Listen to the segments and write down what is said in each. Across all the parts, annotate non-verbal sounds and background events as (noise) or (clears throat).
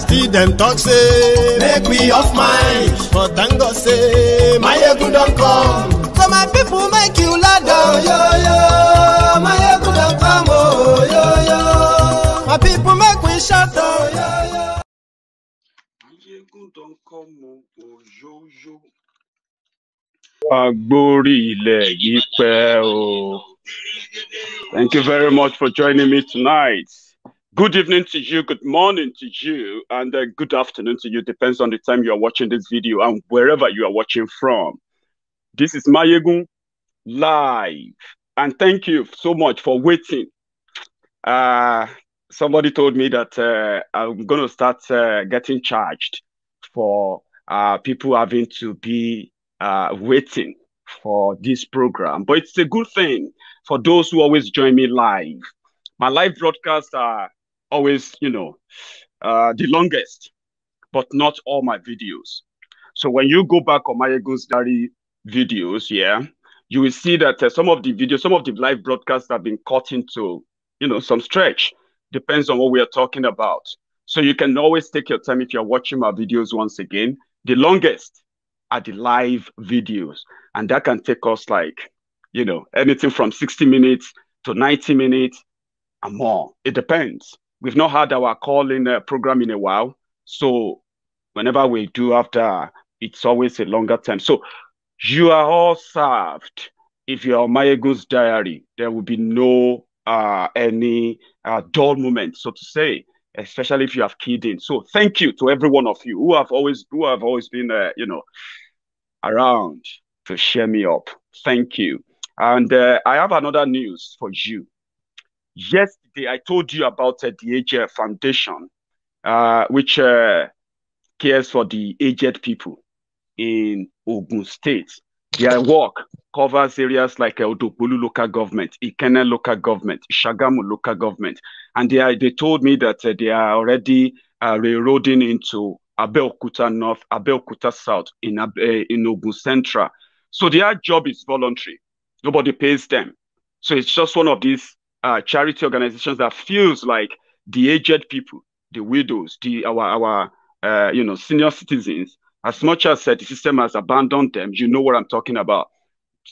still dem talk say make we off mind but thank god say egu don come. so my pipo make you loud down. yo yo. My egu don come oh yo yo. my pipo make we shout oyoyo. yo. don come oyoyo. Oh, oh, agbórí ilẹ̀ yìí yo. o. Oh. thank you very much for joining me tonight. Good evening to you, good morning to you, and uh, good afternoon to you. Depends on the time you are watching this video and wherever you are watching from. This is Mayegun live, and thank you so much for waiting. Uh, somebody told me that uh, I'm going to start uh, getting charged for uh, people having to be uh, waiting for this program, but it's a good thing for those who always join me live. My live broadcasts are always, you know, uh, the longest, but not all my videos. So when you go back on my Ego's Diary videos, yeah, you will see that uh, some of the videos, some of the live broadcasts have been cut into, you know, some stretch. Depends on what we are talking about. So you can always take your time if you're watching my videos once again. The longest are the live videos, and that can take us like, you know, anything from 60 minutes to 90 minutes and more. It depends we've not had our calling uh, program in a while. So whenever we do after, it's always a longer time. So you are all served. If you are Mayego's diary, there will be no uh, any uh, dull moment, so to say, especially if you have keyed in. So thank you to every one of you who have always who have always been uh, you know around to cheer me up. Thank you. And uh, I have another news for you yesterday I told you about uh, the Aged Foundation, uh, which uh, cares for the aged people in Ogun State. Their work covers areas like uh, Odobolu local government, Ikene local government, Shagamu local government. And they, are, they told me that uh, they are already uh, railroading into Abeokuta North, Abeokuta South, in, in Ogun Central. So their job is voluntary. Nobody pays them. So it's just one of these uh, charity organizations that feels like the aged people, the widows, the our our uh, you know senior citizens. As much as uh, the system has abandoned them, you know what I'm talking about.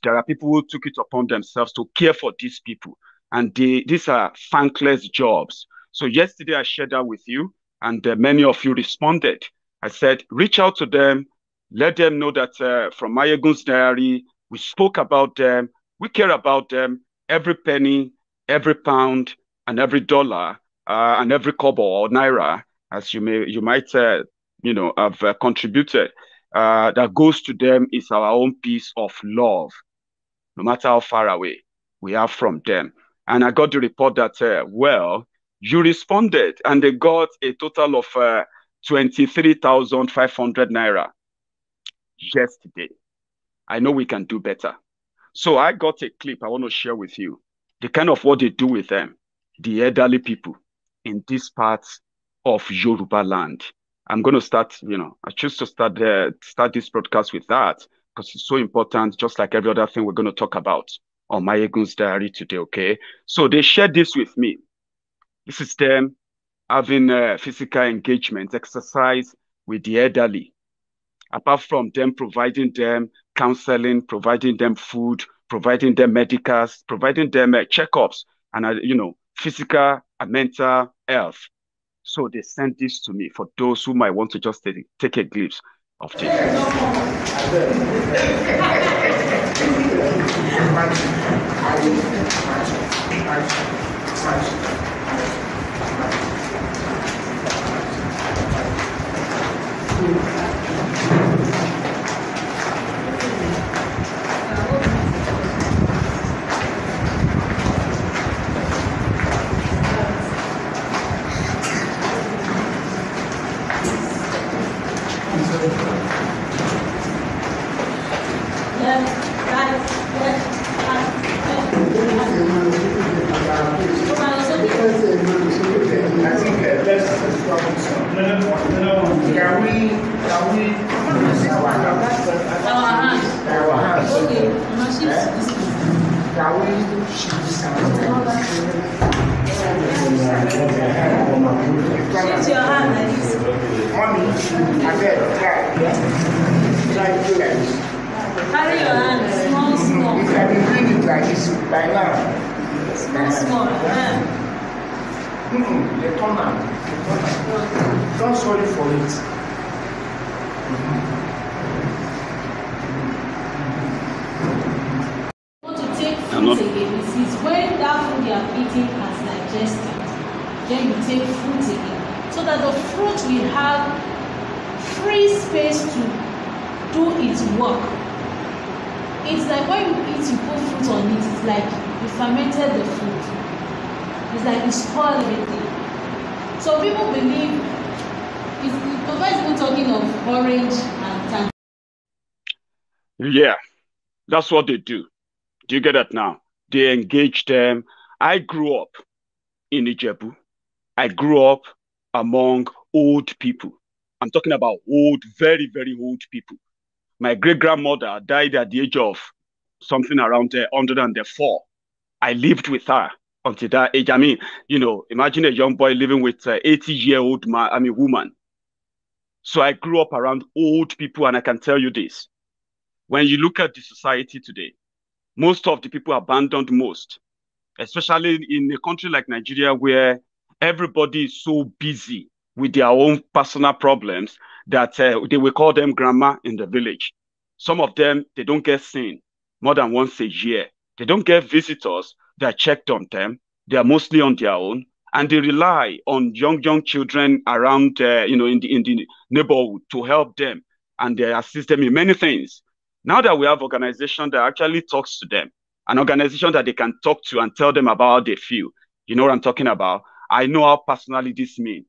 There are people who took it upon themselves to care for these people, and they, these are thankless jobs. So yesterday I shared that with you, and uh, many of you responded. I said, reach out to them, let them know that uh, from Mayegun's diary, we spoke about them, we care about them. Every penny every pound and every dollar uh, and every kobo or naira, as you may you might uh, you know have uh, contributed, uh, that goes to them is our own piece of love, no matter how far away we are from them. And I got the report that uh, well, you responded, and they got a total of uh, twenty-three thousand five hundred naira yesterday. I know we can do better. So I got a clip I want to share with you the kind of what they do with them, the elderly people in these parts of Yoruba land. I'm going to start, you know, I choose to start uh, start this broadcast with that because it's so important, just like every other thing we're going to talk about on my Egun's diary today, okay? So they shared this with me. This is them having uh, physical engagement, exercise with the elderly. Apart from them providing them counseling, providing them food, providing them medicals, providing them uh, checkups, and uh, you know, physical and mental health. So they sent this to me for those who might want to just take, take a glimpse of Jesus. (laughs) That's what they do. Do you get that now? They engage them. I grew up in Ijebu. I grew up among old people. I'm talking about old, very, very old people. My great grandmother died at the age of something around the 104. I lived with her until that age. I mean, you know, imagine a young boy living with an 80 year old man, I mean, woman. So I grew up around old people, and I can tell you this when you look at the society today, most of the people abandoned most, especially in a country like Nigeria where everybody is so busy with their own personal problems that uh, they will call them grandma in the village. Some of them, they don't get seen more than once a year. They don't get visitors that checked on them. They are mostly on their own and they rely on young, young children around, uh, you know, in the, in the neighborhood to help them and they uh, assist them in many things. Now that we have organization that actually talks to them, an organization that they can talk to and tell them about how they feel. You know what I'm talking about? I know how personally this means.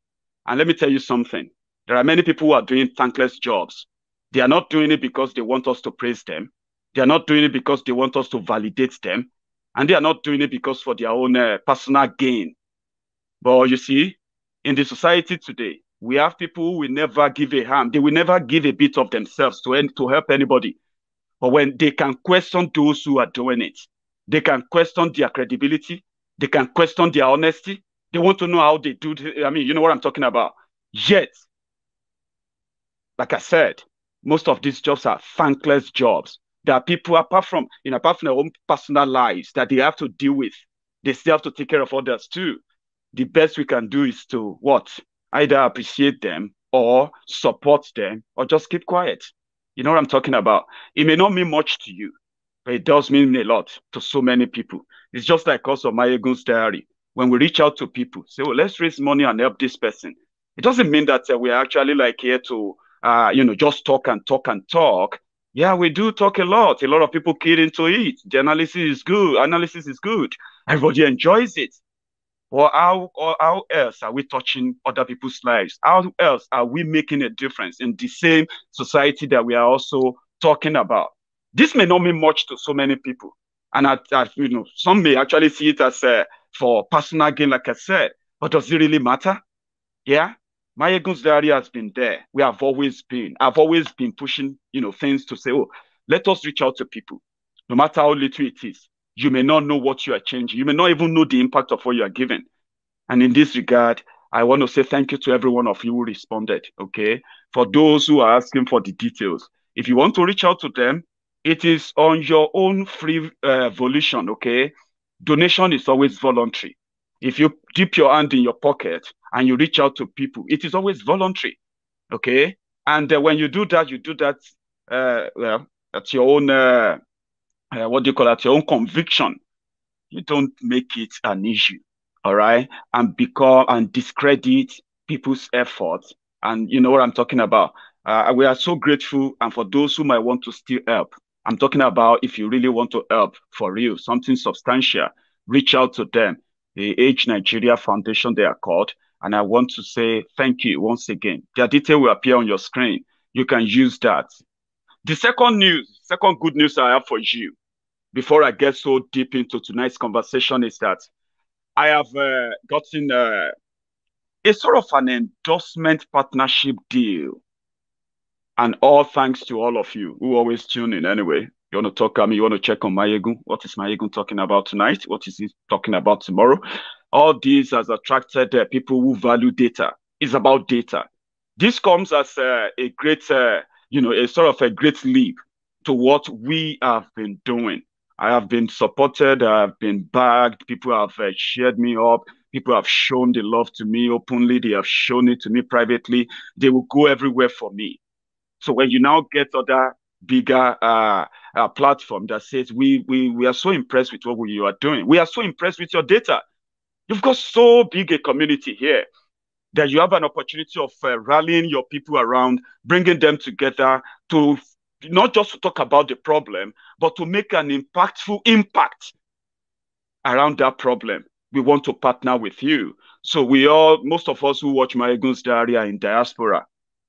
And let me tell you something. There are many people who are doing thankless jobs. They are not doing it because they want us to praise them. They are not doing it because they want us to validate them. And they are not doing it because for their own uh, personal gain. But you see, in the society today, we have people who will never give a hand. They will never give a bit of themselves to, to help anybody. But when they can question those who are doing it, they can question their credibility, they can question their honesty. They want to know how they do. Th- I mean, you know what I'm talking about. Yet, like I said, most of these jobs are thankless jobs. There are people apart from you know apart from their own personal lives that they have to deal with. They still have to take care of others too. The best we can do is to what either appreciate them or support them or just keep quiet. You know what I'm talking about? It may not mean much to you, but it does mean a lot to so many people. It's just like us of Mayegun's diary. When we reach out to people, say, well, oh, let's raise money and help this person. It doesn't mean that uh, we're actually like here to, uh, you know, just talk and talk and talk. Yeah, we do talk a lot. A lot of people get into it. The analysis is good. Analysis is good. Everybody enjoys it. Or how, or how else are we touching other people's lives? How else are we making a difference in the same society that we are also talking about? This may not mean much to so many people. And I, I, you know, some may actually see it as uh, for personal gain, like I said. But does it really matter? Yeah. Mayegun's diary has been there. We have always been. I've always been pushing, you know, things to say, oh, let us reach out to people, no matter how little it is you may not know what you are changing. You may not even know the impact of what you are giving. And in this regard, I want to say thank you to every one of you who responded. Okay. For those who are asking for the details, if you want to reach out to them, it is on your own free uh, volition. Okay. Donation is always voluntary. If you dip your hand in your pocket and you reach out to people, it is always voluntary. Okay. And uh, when you do that, you do that, uh, well, at your own uh, uh, what do you call that, your own conviction, you don't make it an issue, all right? And become and discredit people's efforts. And you know what I'm talking about. Uh, we are so grateful. And for those who might want to still help, I'm talking about if you really want to help for real, something substantial, reach out to them. The Age Nigeria Foundation, they are called. And I want to say thank you once again. Their detail will appear on your screen. You can use that. The second news, second good news I have for you before I get so deep into tonight's conversation is that I have uh, gotten uh, a sort of an endorsement partnership deal. And all thanks to all of you who always tune in anyway. You want to talk to me, you want to check on Mayegun. What is Mayegun talking about tonight? What is he talking about tomorrow? All these has attracted uh, people who value data. It's about data. This comes as uh, a great, uh, you know, a sort of a great leap to what we have been doing. I have been supported. I have been bagged. People have uh, shared me up. People have shown the love to me openly. They have shown it to me privately. They will go everywhere for me. So when you now get other bigger uh, uh, platform that says we, we we are so impressed with what you are doing, we are so impressed with your data. You've got so big a community here that you have an opportunity of uh, rallying your people around, bringing them together to not just to talk about the problem, but to make an impactful impact around that problem. We want to partner with you. So we all, most of us who watch Mayegun's Diary are in diaspora.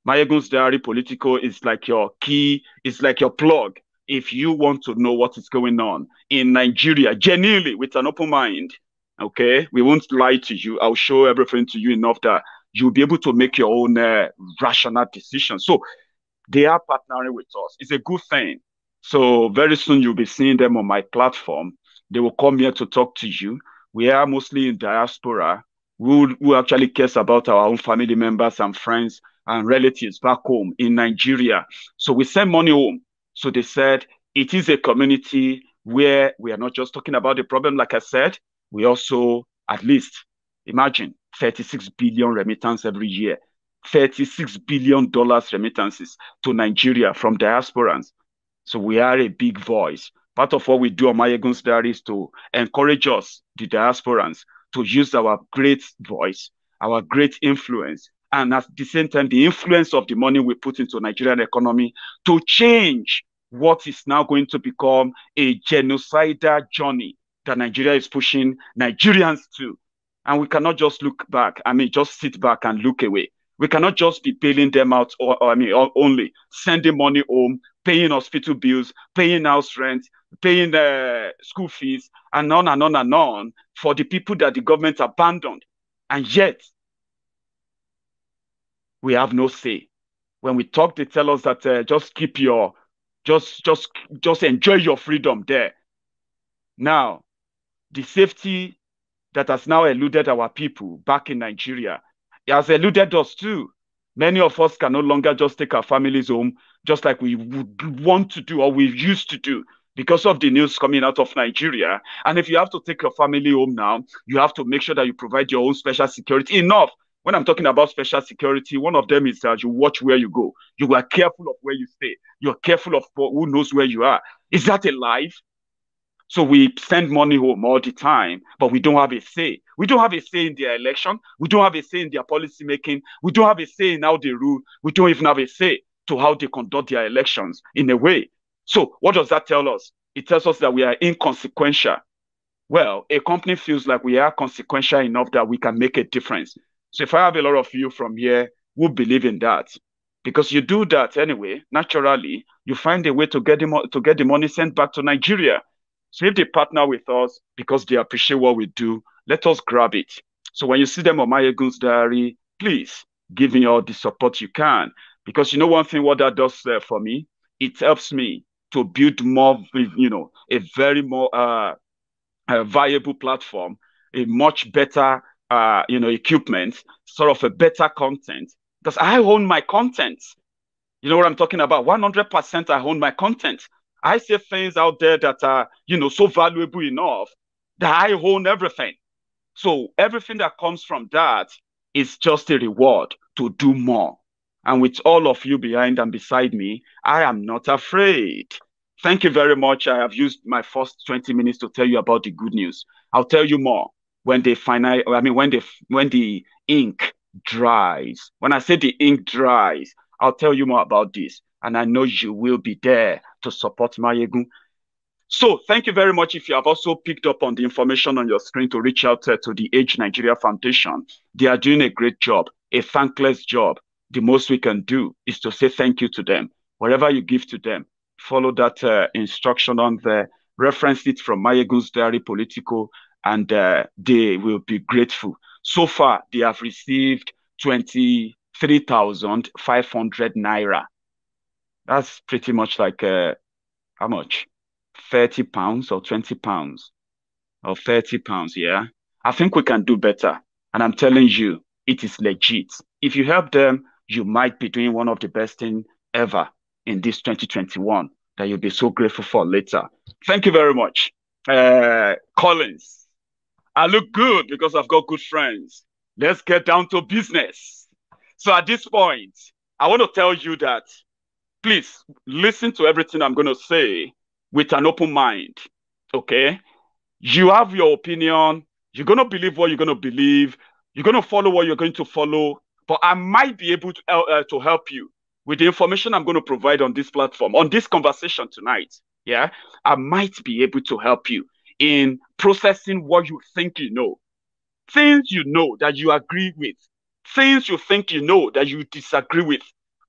Mayegun's Diary Political is like your key, it's like your plug. If you want to know what is going on in Nigeria, genuinely with an open mind, okay, we won't lie to you. I'll show everything to you enough that you'll be able to make your own uh, rational decision. So they are partnering with us. It's a good thing. So very soon you'll be seeing them on my platform. They will come here to talk to you. We are mostly in diaspora who, who actually cares about our own family members and friends and relatives back home in Nigeria. So we send money home. So they said it is a community where we are not just talking about the problem, like I said, we also at least imagine 36 billion remittance every year. $36 billion remittances to Nigeria from diasporans. So we are a big voice. Part of what we do on Mayegun's Diary is to encourage us, the diasporans, to use our great voice, our great influence, and at the same time, the influence of the money we put into Nigerian economy to change what is now going to become a genocidal journey that Nigeria is pushing Nigerians to. And we cannot just look back. I mean, just sit back and look away. We cannot just be bailing them out, or, or I mean, or only sending money home, paying hospital bills, paying house rent, paying uh, school fees, and on and on and on for the people that the government abandoned. And yet, we have no say. When we talk, they tell us that uh, just keep your, just just just enjoy your freedom there. Now, the safety that has now eluded our people back in Nigeria has eluded us too. Many of us can no longer just take our families home, just like we would want to do or we used to do because of the news coming out of Nigeria. And if you have to take your family home now, you have to make sure that you provide your own special security enough. When I'm talking about special security, one of them is that you watch where you go. You are careful of where you stay. You're careful of who knows where you are. Is that a life? So we send money home all the time, but we don't have a say. We don't have a say in their election. We don't have a say in their policy making. We don't have a say in how they rule. We don't even have a say to how they conduct their elections in a way. So what does that tell us? It tells us that we are inconsequential. Well, a company feels like we are consequential enough that we can make a difference. So if I have a lot of you from here who believe in that, because you do that anyway, naturally, you find a way to get the, mo- to get the money sent back to Nigeria so if they partner with us because they appreciate what we do, let us grab it. So when you see them on My Egun's Diary, please give me all the support you can. Because you know one thing, what that does uh, for me, it helps me to build more, you know, a very more uh, a viable platform, a much better, uh, you know, equipment, sort of a better content. Because I own my content. You know what I'm talking about? 100% I own my content. I see things out there that are, you know, so valuable enough that I own everything. So everything that comes from that is just a reward to do more. And with all of you behind and beside me, I am not afraid. Thank you very much. I have used my first 20 minutes to tell you about the good news. I'll tell you more when the final, I mean, when the, when the ink dries. When I say the ink dries, I'll tell you more about this and I know you will be there to support Mayegun. So thank you very much. If you have also picked up on the information on your screen to reach out uh, to the Age Nigeria Foundation, they are doing a great job, a thankless job. The most we can do is to say thank you to them. Whatever you give to them, follow that uh, instruction on there, reference it from Mayegun's Diary political, and uh, they will be grateful. So far, they have received 23,500 naira that's pretty much like uh, how much? 30 pounds or 20 pounds or 30 pounds. Yeah. I think we can do better. And I'm telling you, it is legit. If you help them, you might be doing one of the best things ever in this 2021 that you'll be so grateful for later. Thank you very much. Uh, Collins, I look good because I've got good friends. Let's get down to business. So at this point, I want to tell you that please listen to everything I'm going to say with an open mind. Okay? You have your opinion. You're going to believe what you're going to believe. You're going to follow what you're going to follow. But I might be able to, uh, uh to help you with the information I'm going to provide on this platform, on this conversation tonight. Yeah? I might be able to help you in processing what you think you know, things you know that you agree with, things you think you know that you disagree with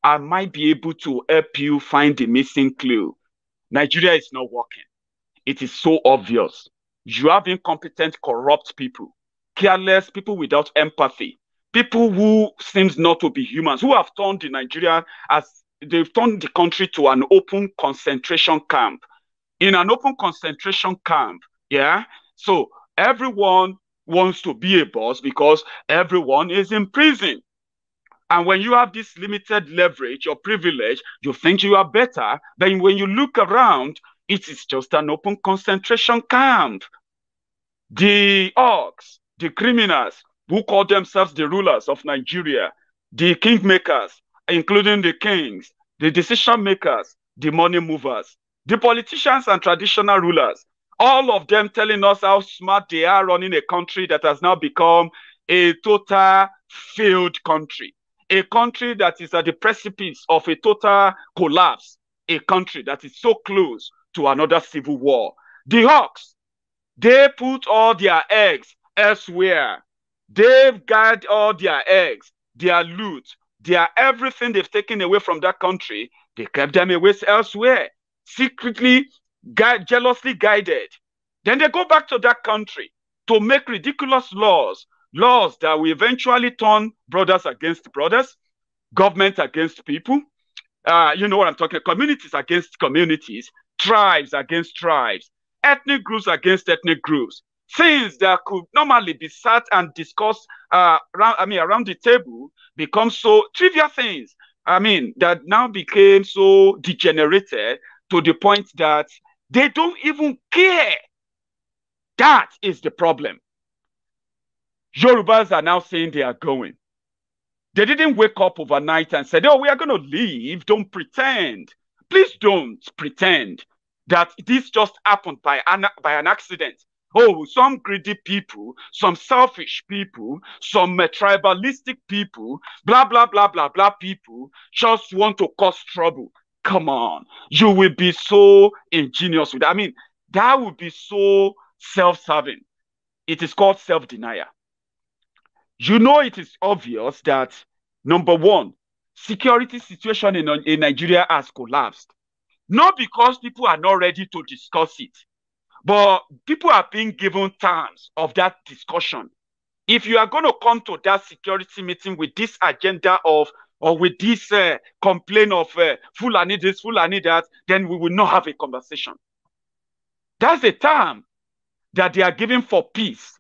I might be able to help you find the missing clue. Nigeria is not working. It is so obvious. You have incompetent, corrupt people, careless people without empathy, people who seems not to be humans, who have turned the Nigeria as they've turned the country to an open concentration camp. In an open concentration camp, yeah. So everyone wants to be a boss because everyone is in prison. And when you have this limited leverage or privilege, you think you are better. Then when you look around, it is just an open concentration camp. The orcs, the criminals who call themselves the rulers of Nigeria, the kingmakers, including the kings, the decision makers, the money movers, the politicians and traditional rulers, all of them telling us how smart they are running a country that has now become a total failed country a country that is at the precipice of a total collapse, a country that is so close to another civil war. The Hawks, they put all their eggs elsewhere. They've got all their eggs, their loot, their everything they've taken away from that country. They kept them away elsewhere, secretly, gui- jealously guided. Then they go back to that country to make ridiculous laws laws that will eventually turn brothers against brothers, government against people. Uh, you know what I'm talking communities against communities, tribes against tribes, ethnic groups against ethnic groups. Things that could normally be sat and discussed uh, around, I mean, around the table become so trivial things. I mean, that now became so degenerated to the point that they don't even care. That is the problem. Yorubas are now saying they are going. They didn't wake up overnight and said, oh, we are going to leave. Don't pretend. Please don't pretend that this just happened by an, by an accident. Oh, some greedy people, some selfish people, some uh, tribalistic people, blah, blah, blah, blah, blah people just want to cause trouble. Come on. You will be so ingenious with that. I mean, that would be so self serving. It is called self denial you know it is obvious that number one, security situation in, in Nigeria has collapsed. Not because people are not ready to discuss it, but people are being given terms of that discussion. If you are going to come to that security meeting with this agenda of or with this uh, complaint of uh, and this, and that, then we will not have a conversation. That's the term that they are giving for peace.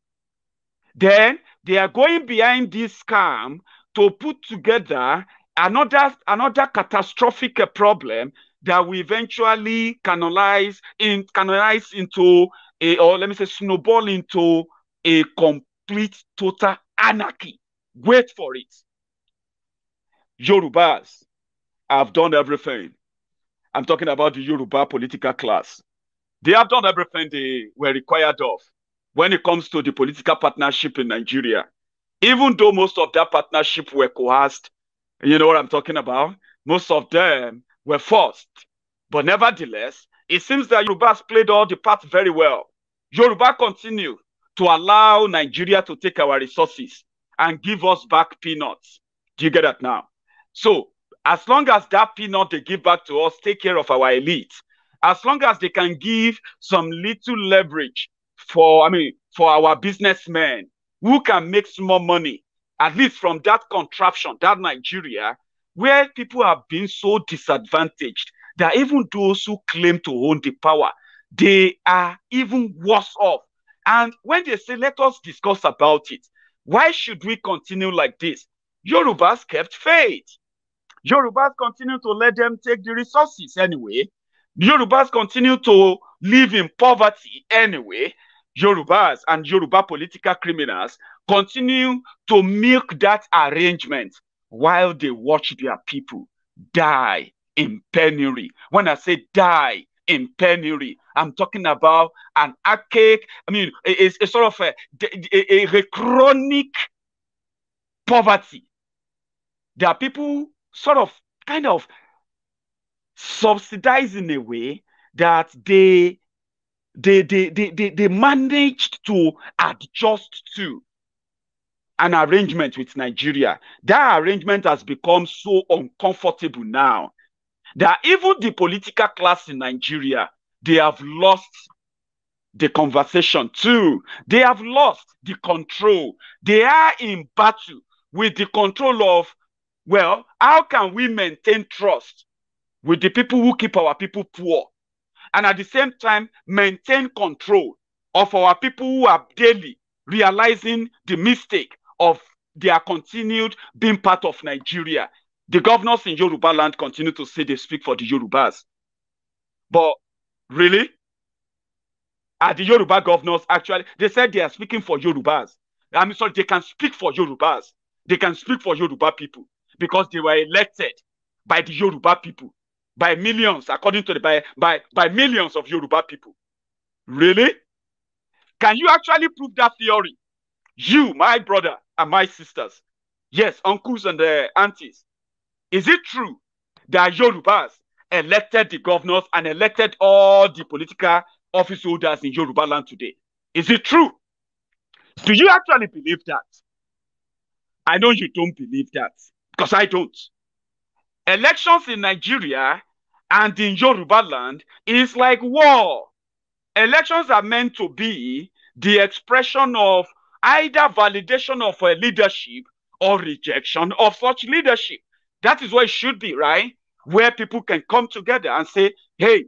Then they are going behind this scam to put together another another catastrophic uh, problem that we eventually canalize in canalize into a or let me say snowball into a complete total anarchy. Wait for it. Yorubas have done everything. I'm talking about the Yoruba political class. They have done everything they were required of when it comes to the political partnership in Nigeria, even though most of that partnership were coerced, you know what I'm talking about? Most of them were forced. But nevertheless, it seems that Yoruba has played all the parts very well. Yoruba continue to allow Nigeria to take our resources and give us back peanuts. Do you get that now? So, as long as that peanut they give back to us take care of our elite, as long as they can give some little leverage for, I mean, for our businessmen who can make small money, at least from that contraption, that Nigeria, where people have been so disadvantaged that even those who claim to own the power, they are even worse off. And when they say, let us discuss about it, why should we continue like this? Yorubas kept faith. Yorubas continue to let them take the resources anyway. Yorubas continue to live in poverty anyway. Yorubas and Yoruba political criminals continue to milk that arrangement while they watch their people die in penury. When I say die in penury, I'm talking about an archaic, I mean, it's a, sort of a, a, a, chronic poverty. There are people sort of kind of subsidized in a way that they they they they they, they managed to adjust to an arrangement with Nigeria. That arrangement has become so uncomfortable now that even the political class in Nigeria, they have lost the conversation too. They have lost the control. They are in battle with the control of, well, how can we maintain trust with the people who keep our people poor and at the same time maintain control of our people who are daily realizing the mistake of their continued being part of Nigeria. The governors in Yoruba land continue to say they speak for the Yorubas. But really? Are the Yoruba governors actually? They said they are speaking for Yorubas. I mean, sorry, they can speak for Yorubas. They can speak for Yoruba people because they were elected by the Yoruba people by millions, according to the by by by millions of Yoruba people. Really? Can you actually prove that theory? You, my brother, and my sisters, yes, uncles and uh, aunties, is it true that Yorubas elected the governors and elected all the political office holders in Yoruba land today? Is it true? Do you actually believe that? I know you don't believe that because I don't. Elections in Nigeria and in Yoruba land is like war. Elections are meant to be the expression of either validation of a leadership or rejection of such leadership. That is what it should be, right? Where people can come together and say, hey,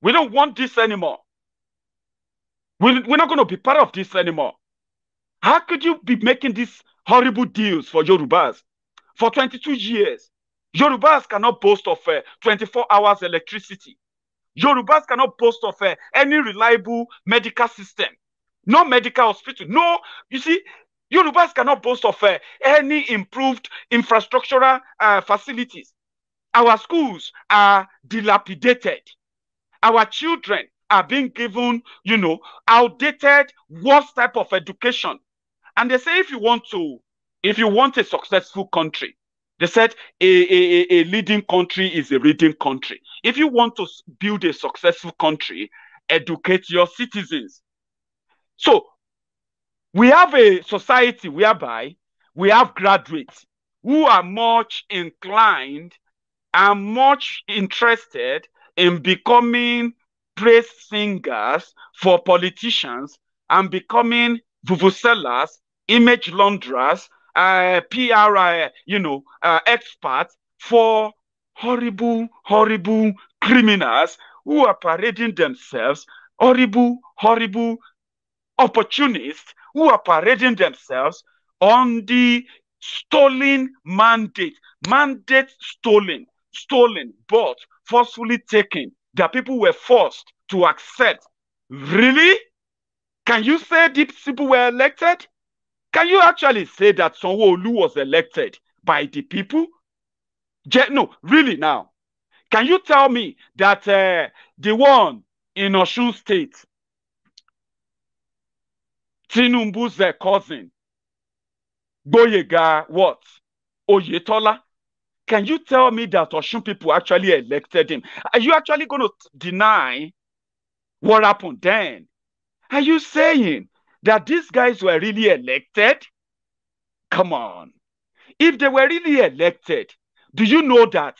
we don't want this anymore. We're, we're not going to be part of this anymore. How could you be making these horrible deals for Yorubas for 22 years? Yorubas cannot boast of uh, 24 hours electricity. Yorubas cannot boast of uh, any reliable medical system. No medical hospital. No, you see, Yorubas cannot boast of uh, any improved infrastructural facilities. Our schools are dilapidated. Our children are being given, you know, outdated, worst type of education. And they say if you want to, if you want a successful country, they said a, a, a leading country is a reading country. If you want to build a successful country, educate your citizens. So we have a society whereby we have graduates who are much inclined and much interested in becoming praise singers for politicians and becoming vuvuzelas, image launderers, uh, PR, uh, you know, uh, experts for horrible, horrible criminals who are parading themselves, horrible, horrible opportunists who are parading themselves on the stolen mandate, mandate stolen, stolen, bought, forcefully taken, that people were forced to accept. Really? Can you say these people were elected? Can you actually say that Sonwolu was elected by the people? No, really now. Can you tell me that uh, the one in Oshun State, Tinubu's cousin, Boyega, what? Oyetola? Can you tell me that Oshun people actually elected him? Are you actually going to deny what happened then? Are you saying that these guys were really elected? Come on. If they were really elected, do you know that?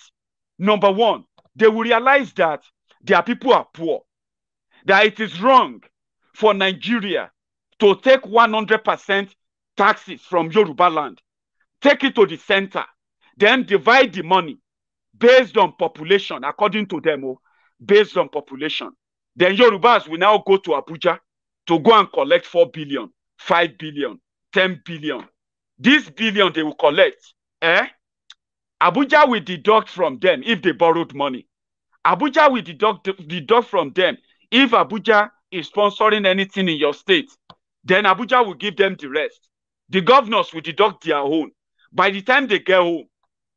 Number one, they will realize that their people are poor, that it is wrong for Nigeria to take 100% taxes from Yoruba land, take it to the center, then divide the money based on population, according to them, oh, based on population. Then Yorubas will now go to Abuja to go and collect 4 billion, 5 billion, 10 billion. This billion they will collect, eh? Abuja will deduct from them if they borrowed money. Abuja will deduct, deduct from them if Abuja is sponsoring anything in your state. Then Abuja will give them the rest. The governors will deduct their own. By the time they get home,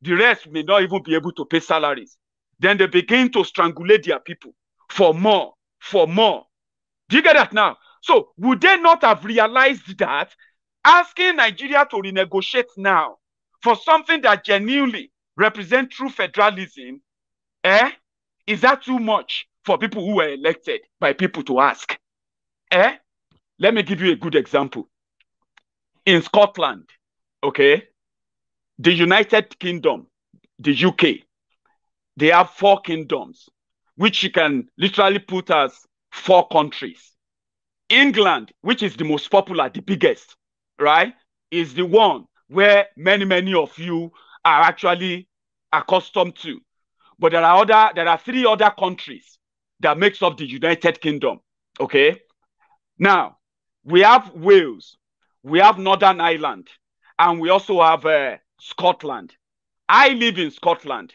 the rest may not even be able to pay salaries. Then they begin to strangulate their people for more, for more. Do you get that now? So would they not have realized that asking Nigeria to renegotiate now for something that genuinely represents true federalism, eh, is that too much for people who were elected by people to ask? Eh? Let me give you a good example. In Scotland, okay, the United Kingdom, the UK, they have four kingdoms, which you can literally put as four countries. England, which is the most popular, the biggest, right, is the one where many, many of you are actually accustomed to. But there are other, there are three other countries that makes up the United Kingdom. Okay. Now we have Wales, we have Northern Ireland, and we also have uh, Scotland. I live in Scotland.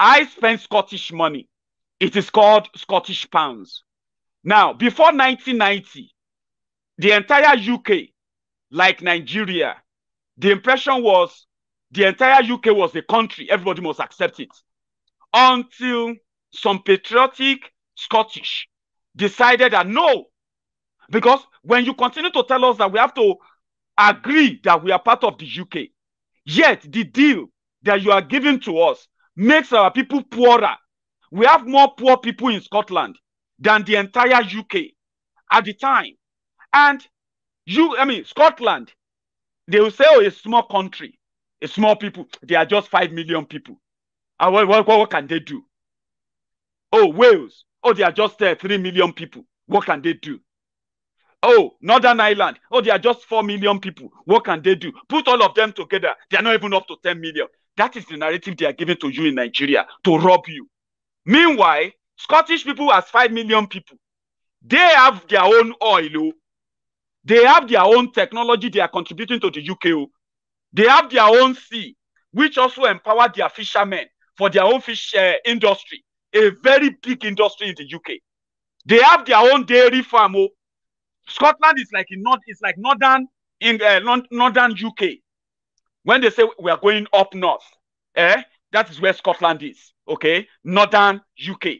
I spend Scottish money. It is called Scottish pounds. Now, before 1990, the entire UK, like Nigeria, the impression was the entire UK was a country. Everybody must accept it. Until some patriotic Scottish decided that no, because when you continue to tell us that we have to agree that we are part of the UK, yet the deal that you are giving to us makes our people poorer. We have more poor people in Scotland than the entire UK at the time. And you, I mean, Scotland, they will say, oh, a small country, a small people. They are just 5 million people. what, what, what can they do? Oh, Wales, oh, they are just uh, 3 million people. What can they do? Oh, Northern Ireland, oh, they are just 4 million people. What can they do? Put all of them together. They are not even up to 10 million. That is the narrative they are giving to you in Nigeria to rob you. Meanwhile, Scottish people has 5 million people. They have their own oil. Oh. They have their own technology they are contributing to the UK. Oh. They have their own sea, which also empower their fishermen for their own fish uh, industry, a very big industry in the UK. They have their own dairy farm. Oh. Scotland is like in north. it's like northern in uh, eh, northern UK. When they say we are going up north, eh, that is where Scotland is. Okay, northern UK.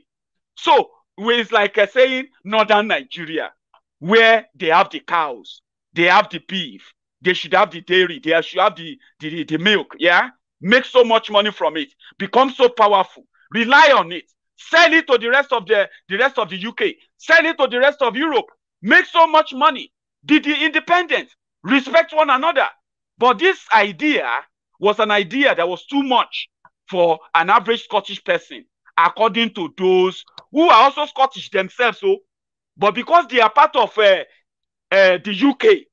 So it's like uh, saying northern Nigeria, where they have the cows, they have the beef, they should have the dairy, they should have the, the, the milk, yeah? Make so much money from it, become so powerful, rely on it, sell it to the rest of the, the rest of the UK, sell it to the rest of Europe, make so much money, The the independent, respect one another. But this idea was an idea that was too much for an average Scottish person according to those who are also Scottish themselves. So, oh. but because they are part of uh, uh, the UK,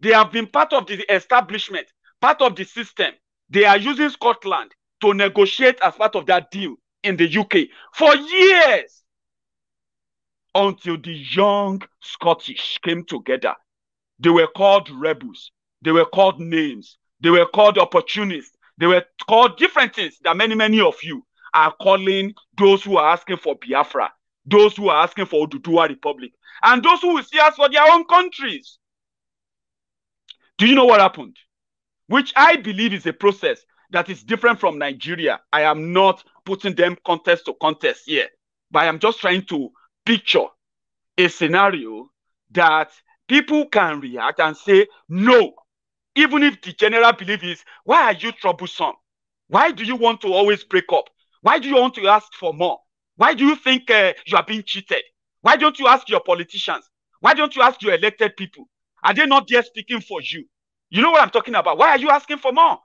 they have been part of the establishment, part of the system. They are using Scotland to negotiate as part of that deal in the UK for years until the young Scottish came together. They were called rebels. They were called names. They were called opportunists. They were called different things that many, many of you are calling those who are asking for Biafra, those who are asking for Ududua Republic, and those who will see us for their own countries. Do you know what happened? Which I believe is a process that is different from Nigeria. I am not putting them contest to contest here, but I am just trying to picture a scenario that people can react and say, no, even if the general belief is, why are you troublesome? Why do you want to always break up? Why do you want to ask for more? Why do you think uh, you are being cheated? Why don't you ask your politicians? Why don't you ask your elected people? Are they not there speaking for you? You know what I'm talking about. Why are you asking for more?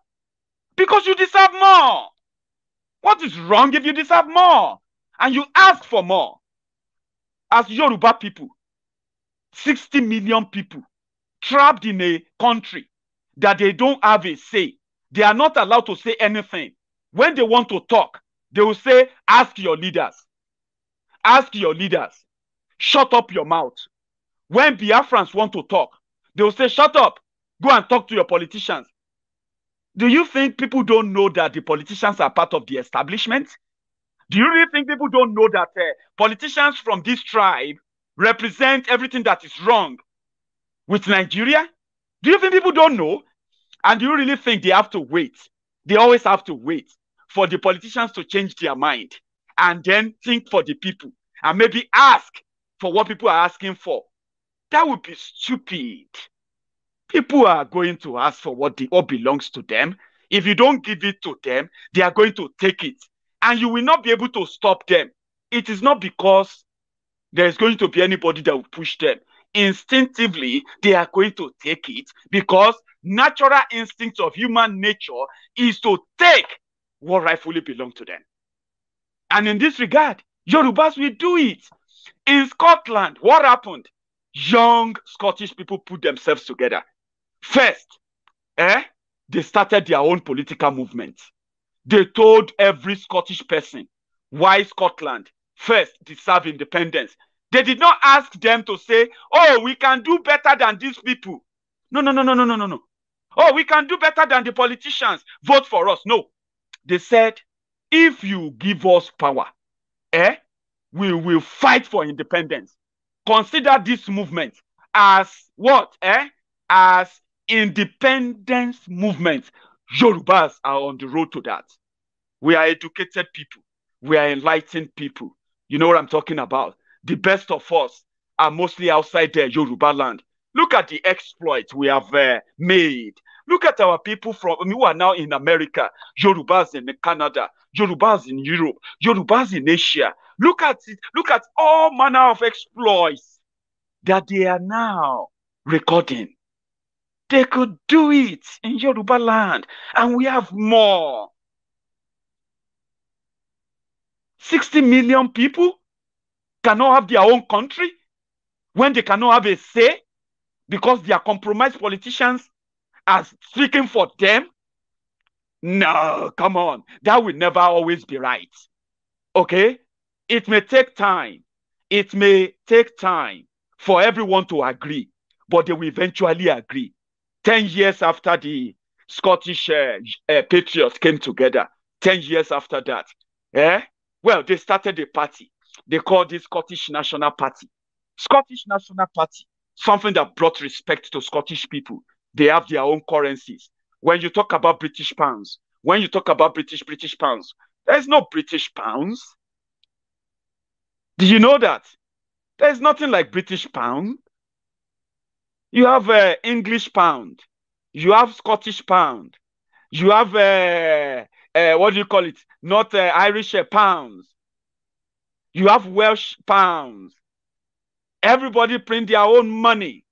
Because you deserve more. What is wrong if you deserve more and you ask for more? As Yoruba people, 60 million people trapped in a country that they don't have a say. They are not allowed to say anything. When they want to talk, they will say, ask your leaders. Ask your leaders. Shut up your mouth. When Biafrans want to talk, they will say, shut up. Go and talk to your politicians. Do you think people don't know that the politicians are part of the establishment? Do you really think people don't know that uh, politicians from this tribe represent everything that is wrong with Nigeria? Do you think people don't know? And do you really think they have to wait? They always have to wait for the politicians to change their mind and then think for the people and maybe ask for what people are asking for. That would be stupid. People are going to ask for what, the, what belongs to them. If you don't give it to them, they are going to take it. And you will not be able to stop them. It is not because there is going to be anybody that will push them. Instinctively, they are going to take it because natural instinct of human nature is to take what rightfully belong to them. And in this regard, Yorubas will do it. In Scotland, what happened? Young Scottish people put themselves together. First, eh, they started their own political movement. They told every Scottish person why Scotland first deserve independence. They did not ask them to say, oh, we can do better than these people. No, no, no, no, no, no, no, no. Oh, we can do better than the politicians. Vote for us. No. They said, if you give us power, eh, we will fight for independence. Consider this movement as what? Eh? As independence movement. Yorubas are on the road to that. We are educated people. We are enlightened people. You know what I'm talking about. The best of us are mostly outside the Yoruba land. Look at the exploits we have uh, made Look at our people from I mean, who are now in America, Yorubas in Canada, Yorubas in Europe, Yorubas in Asia. Look at it. Look at all manner of exploits that they are now recording. They could do it in Yoruba land, and we have more. 60 million people cannot have their own country when they cannot have a say because they are compromised politicians as speaking for them? No, come on. That will never always be right. Okay? It may take time. It may take time for everyone to agree, but they will eventually agree. 10 years after the Scottish uh, uh, Patriots came together, 10 years after that, eh? Well, they started a party. They called it Scottish National Party. Scottish National Party, something that brought respect to Scottish people, they have their own currencies. When you talk about British pounds, when you talk about British, British pounds, there's no British pounds. Do you know that? There's nothing like British pound. You have uh, English pound. You have Scottish pound. You have, uh, uh, what do you call it? Not uh, Irish uh, pounds. You have Welsh pounds. Everybody print their own money.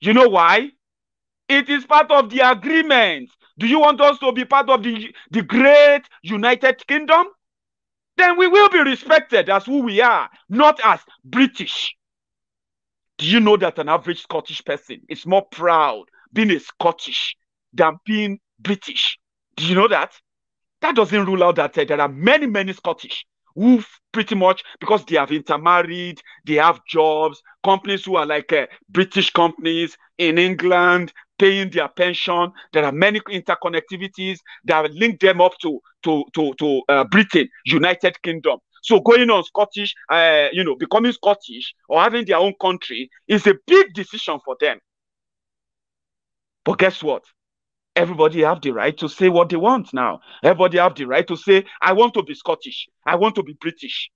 You know why? It is part of the agreement. Do you want us to be part of the, the great United Kingdom? Then we will be respected as who we are, not as British. Do you know that an average Scottish person is more proud being a Scottish than being British? Do you know that? That doesn't rule out that uh, there are many, many Scottish who pretty much because they have intermarried, they have jobs, companies who are like uh, British companies in England, paying their pension. There are many interconnectivities that link them up to to to to uh, Britain, United Kingdom. So going on Scottish, uh, you know, becoming Scottish or having their own country is a big decision for them. But guess what? Everybody have the right to say what they want now. Everybody have the right to say, I want to be Scottish. I want to be British.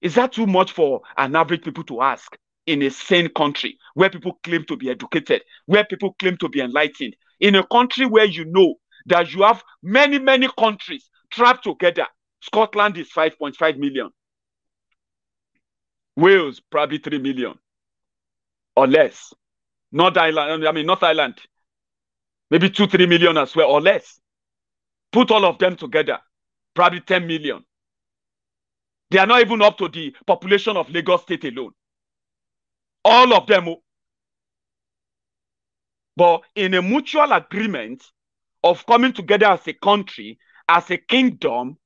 Is that too much for an average people to ask? in a sane country where people claim to be educated, where people claim to be enlightened, in a country where you know that you have many, many countries trapped together. Scotland is 5.5 million. Wales, probably 3 million or less. North Ireland, I mean, North Ireland, maybe 2, 3 million as well or less. Put all of them together, probably 10 million. They are not even up to the population of Lagos State alone. All of them. But in a mutual agreement of coming together as a country, as a kingdom,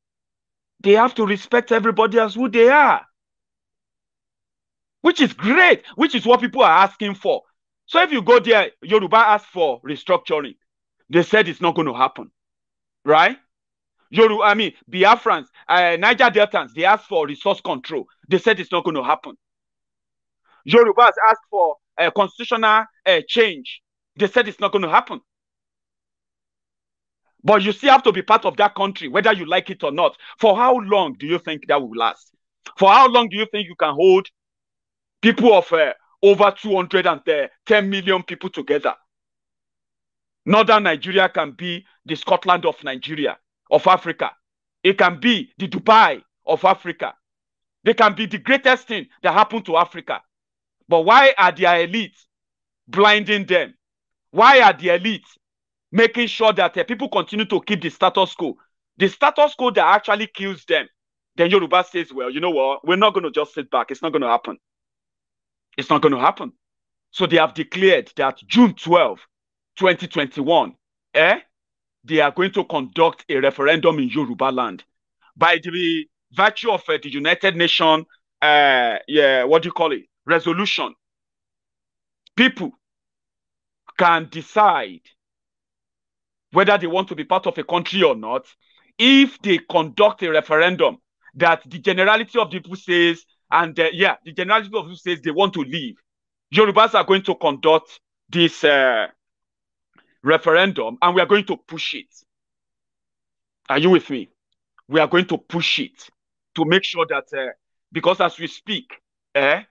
they have to respect everybody as who they are. Which is great, which is what people are asking for. So if you go there, Yoruba asked for restructuring. They said it's not going to happen. Right? Yoruba, I mean, Biafrans, uh, Niger Deltans, they asked for resource control. They said it's not going to happen. Yorubas asked for a constitutional uh, change. They said it's not going to happen. But you still have to be part of that country, whether you like it or not. For how long do you think that will last? For how long do you think you can hold people of uh, over 210 eh, million people together? Northern Nigeria can be the Scotland of Nigeria, of Africa. It can be the Dubai of Africa. They can be the greatest thing that happened to Africa. But why are their elites blinding them? Why are the elites making sure that uh, people continue to keep the status quo? The status quo that actually kills them. Then Yoruba says, well, you know what? We're not going to just sit back. It's not going to happen. It's not going to happen. So they have declared that June 12, 2021, eh, they are going to conduct a referendum in Yoruba land. By the virtue of uh, the United Nations, uh, yeah, what do you call it? resolution. People can decide whether they want to be part of a country or not if they conduct a referendum that the generality of the people says, and uh, yeah, the generality of people says they want to leave. Yorubas are going to conduct this uh, referendum and we are going to push it. Are you with me? We are going to push it to make sure that, uh, because as we speak, eh,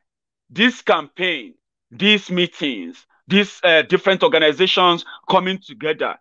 this campaign, these meetings, these uh, different organizations coming together,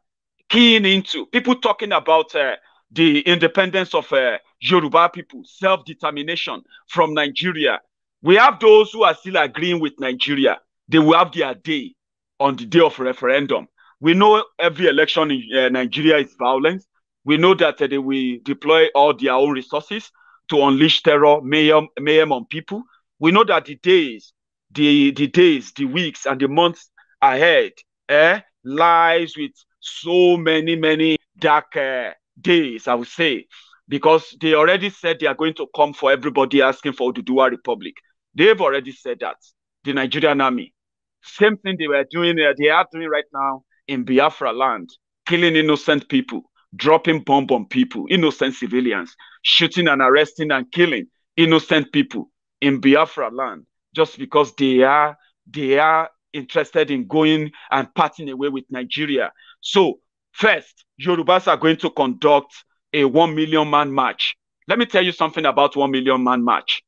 keying into people talking about uh, the independence of uh, Yoruba people, self determination from Nigeria. We have those who are still agreeing with Nigeria. They will have their day on the day of referendum. We know every election in uh, Nigeria is violence. We know that uh, they will deploy all their own resources to unleash terror, mayhem, mayhem on people. We know that the days, the, the days, the weeks, and the months ahead eh, lies with so many, many dark uh, days, I would say, because they already said they are going to come for everybody asking for the Dua Republic. They've already said that, the Nigerian army. Same thing they were doing, uh, they are doing right now in Biafra land, killing innocent people, dropping bomb on people, innocent civilians, shooting and arresting and killing innocent people in Biafra land just because they are they are interested in going and parting away with Nigeria. So first, Yorubas are going to conduct a one million man march. Let me tell you something about one million man march.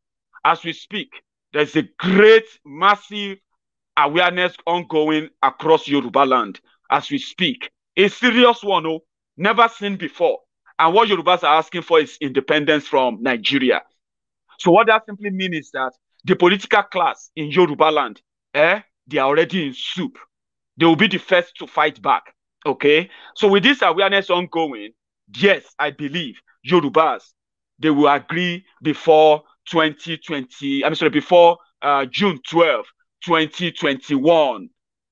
As we speak, there's a great massive awareness ongoing across Yoruba land as we speak. A serious one, oh, never seen before. And what Yorubas are asking for is independence from Nigeria. So what that simply means is that the political class in Yoruba land, eh, they are already in soup. They will be the first to fight back. Okay. So with this awareness ongoing, yes, I believe Yorubas they will agree before 2020. I'm sorry, before uh, June 12, 2021.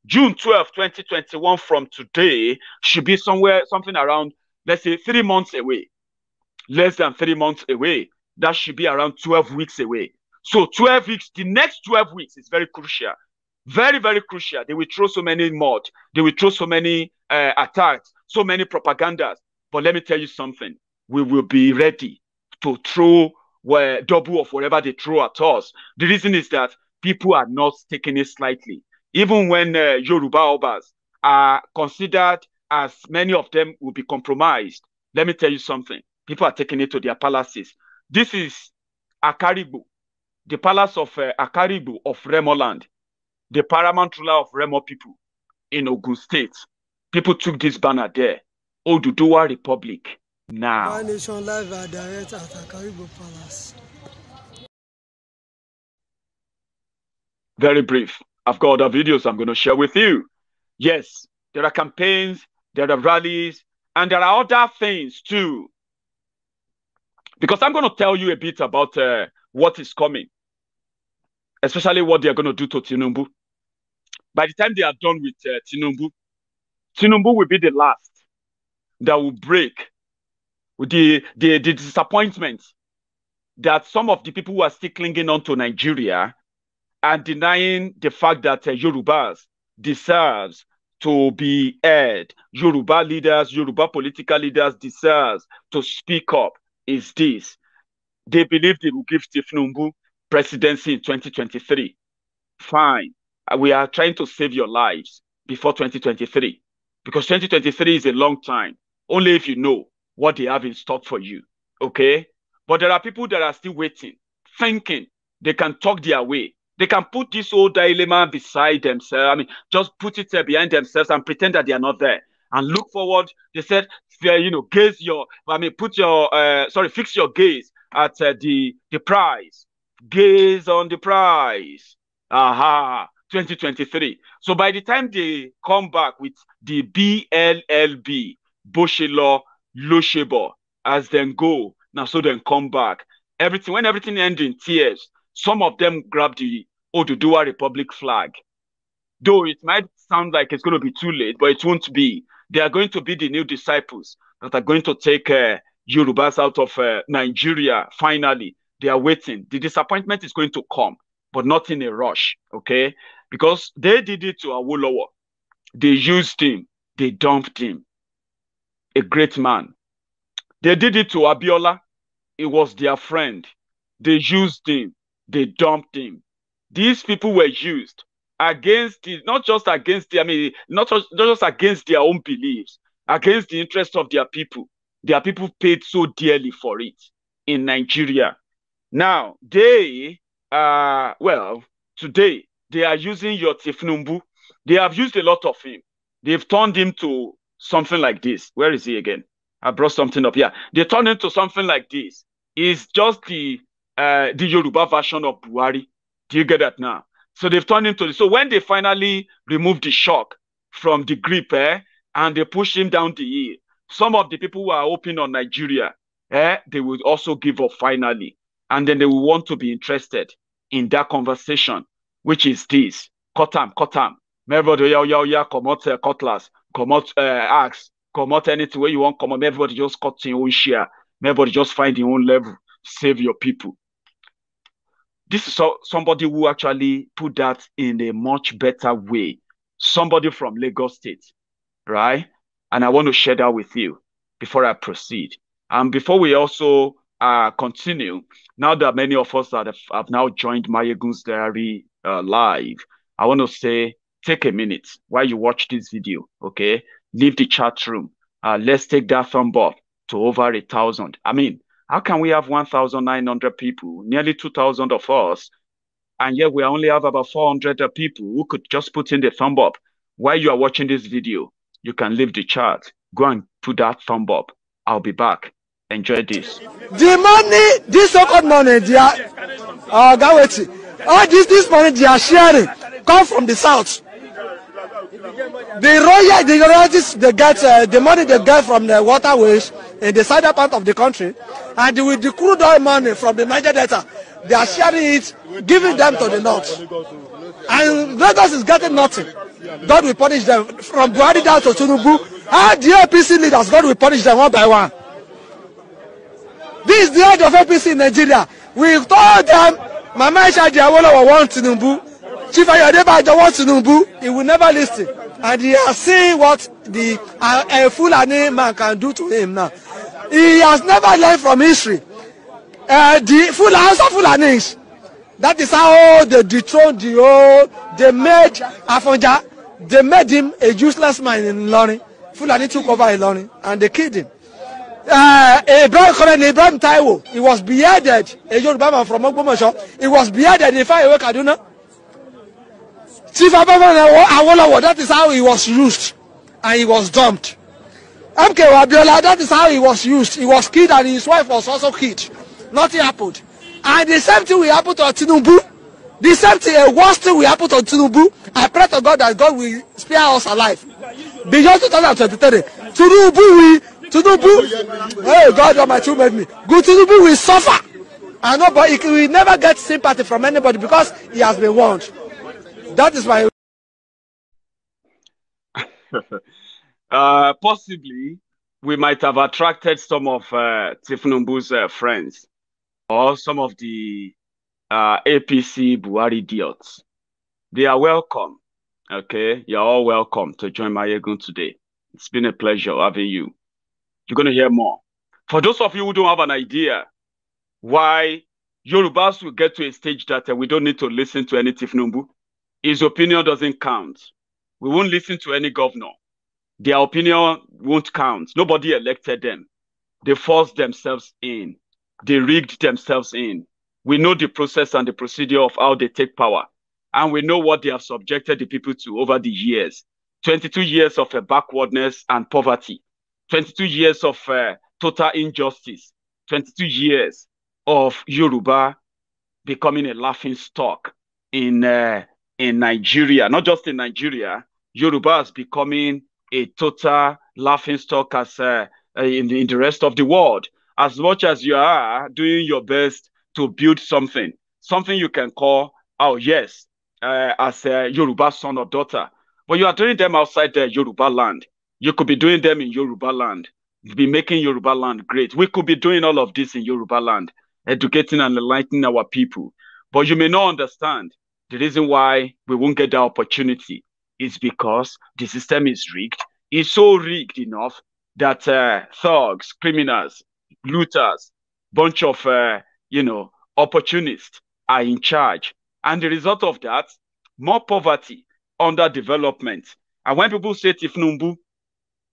June 12, 2021 from today should be somewhere something around let's say three months away, less than three months away that should be around 12 weeks away. So 12 weeks, the next 12 weeks is very crucial. Very, very crucial. They will throw so many mud. They will throw so many uh, attacks, so many propagandas. But let me tell you something. We will be ready to throw well, double of whatever they throw at us. The reason is that people are not taking it slightly. Even when uh, Yoruba Obas are considered as many of them will be compromised, let me tell you something. People are taking it to their palaces this is Akaribu, the palace of uh, Akaribu of Remo land, the paramount ruler of Remo people in Ogun State. People took this banner there. Oduduwa Republic now. Nation Live are direct at Akaribu Palace. Very brief. I've got other videos I'm going to share with you. Yes, there are campaigns, there are rallies, and there are other things too because I'm going to tell you a bit about uh, what is coming, especially what they are going to do to Tinubu. By the time they are done with uh, Tinubu, Tinubu will be the last that will break the, the, the disappointment that some of the people who are still clinging on to Nigeria and denying the fact that uh, Yorubas deserves to be heard. Yoruba leaders, Yoruba political leaders deserves to speak up is this. They believe they will give Steve Numbu presidency in 2023. Fine. Uh, we are trying to save your lives before 2023 because 2023 is a long time, only if you know what they have in stock for you. Okay? But there are people that are still waiting, thinking they can talk their way. They can put this old dilemma beside themselves. I mean, just put it uh, behind themselves and pretend that they are not there and look forward. They said you know, gaze your, I mean, put your, uh, sorry, fix your gaze at uh, the the price. Gaze on the price. Aha, 2023. So by the time they come back with the BLLB, Boshilo Loshebo, as then go, now so then come back. Everything, when everything ends in tears, some of them grab the Oduduwa Republic flag. Though it might sound like it's going to be too late, but it won't be they are going to be the new disciples that are going to take uh, Yorubas out of uh, Nigeria. Finally, they are waiting. The disappointment is going to come, but not in a rush, okay? Because they did it to Awolowo. They used him. They dumped him. A great man. They did it to Abiola. It was their friend. They used him. They dumped him. These people were used against it, not just against the, I mean, not just, not just against their own beliefs, against the interests of their people. Their people paid so dearly for it in Nigeria. Now they uh well today they are using your Tifnumbu. They have used a lot of him. They've turned him to something like this. Where is he again? I brought something up Yeah, They turned him to something like this. It's just the uh, the Yoruba version of Buhari. Do you get that now? So they've turned him to the. So when they finally remove the shock from the grip eh, and they push him down the hill, some of the people who are hoping on Nigeria, eh, they will also give up finally. And then they will want to be interested in that conversation, which is this cut Kotam, everybody, yo, yo, yo, come out, uh, cutlass, come out, uh, axe, come out anything where you want, come on, everybody just cut your own share, everybody just find your own level, save your people this is so, somebody who actually put that in a much better way. Somebody from Lagos State, right? And I want to share that with you before I proceed. And before we also uh, continue, now that many of us that have, have now joined Mayegun's Diary uh, live, I want to say take a minute while you watch this video, okay? Leave the chat room. Uh, let's take that thumb up to over a thousand. I mean, how can we have 1,900 people, nearly 2,000 of us, and yet we only have about 400 people who could just put in the thumb up? While you are watching this video, you can leave the chat. Go and put that thumb up. I'll be back. Enjoy this. The money, this so-called money, they are, uh, Gawati, all this, this money they are sharing come from the south. The royal, the royalties they get, uh, the money they get from the waterways in the southern part of the country, and with the crude oil money from the Niger Delta, they are sharing it, giving them to the north. And Lagos is getting nothing. God will punish them. From Buhari down to Tinubu, all the APC leaders, God will punish them one by one. This is the age of APC in Nigeria. We told them, Mama Isha Diawolowo wants Tinubu. Chief Ayode Bajo wants Tinubu, he will never listen. And he has seen what the uh, uh, Fulani man can do to him now. He has never learned from history. Uh, the Fulani, Fulanis, that is how they dethroned the old, they made Afonja, they made him a useless man in Ilorin. Fulani took over Ilorin and they killed him. Uh, Ibrahim Kọ́lẹ́ni Ibrahim Taiwo, he was beheaded, a young man from Ogbomoso, he was beheaded in Fayewe Kaduna. Chief Abamana Awolowo, that is how he was used and he was dumped. MK Wabiola, that is how he was used. He was killed and his wife was also killed. Nothing happened. And the same thing will happen to Tinubu. The same thing, a worse thing will happen to Tinubu. I pray to God that God will spare us alive. Beyond 2023, Tinubu will, Tinubu, Hey, God, oh my children, me. Good Tinubu will suffer. And nobody, he will never get sympathy from anybody because he has been warned. That is why. (laughs) uh, possibly, we might have attracted some of uh, Tifnumbu's uh, friends or some of the uh, APC Buhari idiots. They are welcome. Okay, you're all welcome to join my Mayegun today. It's been a pleasure having you. You're going to hear more. For those of you who don't have an idea why Yorubas will get to a stage that uh, we don't need to listen to any Tifnumbu, his opinion doesn't count. We won't listen to any governor. Their opinion won't count. Nobody elected them. They forced themselves in. They rigged themselves in. We know the process and the procedure of how they take power. And we know what they have subjected the people to over the years 22 years of uh, backwardness and poverty, 22 years of uh, total injustice, 22 years of Yoruba becoming a laughing stock in uh, in Nigeria, not just in Nigeria, Yoruba is becoming a total stock as uh, uh, in, the, in the rest of the world. As much as you are doing your best to build something, something you can call, oh yes, uh, as a Yoruba son or daughter, but you are doing them outside the Yoruba land. You could be doing them in Yoruba land, be making Yoruba land great. We could be doing all of this in Yoruba land, educating and enlightening our people. But you may not understand the reason why we won't get the opportunity is because the system is rigged. It's so rigged enough that uh, thugs, criminals, looters, bunch of uh, you know opportunists are in charge, and the result of that, more poverty, underdevelopment. And when people say Tifnumbu,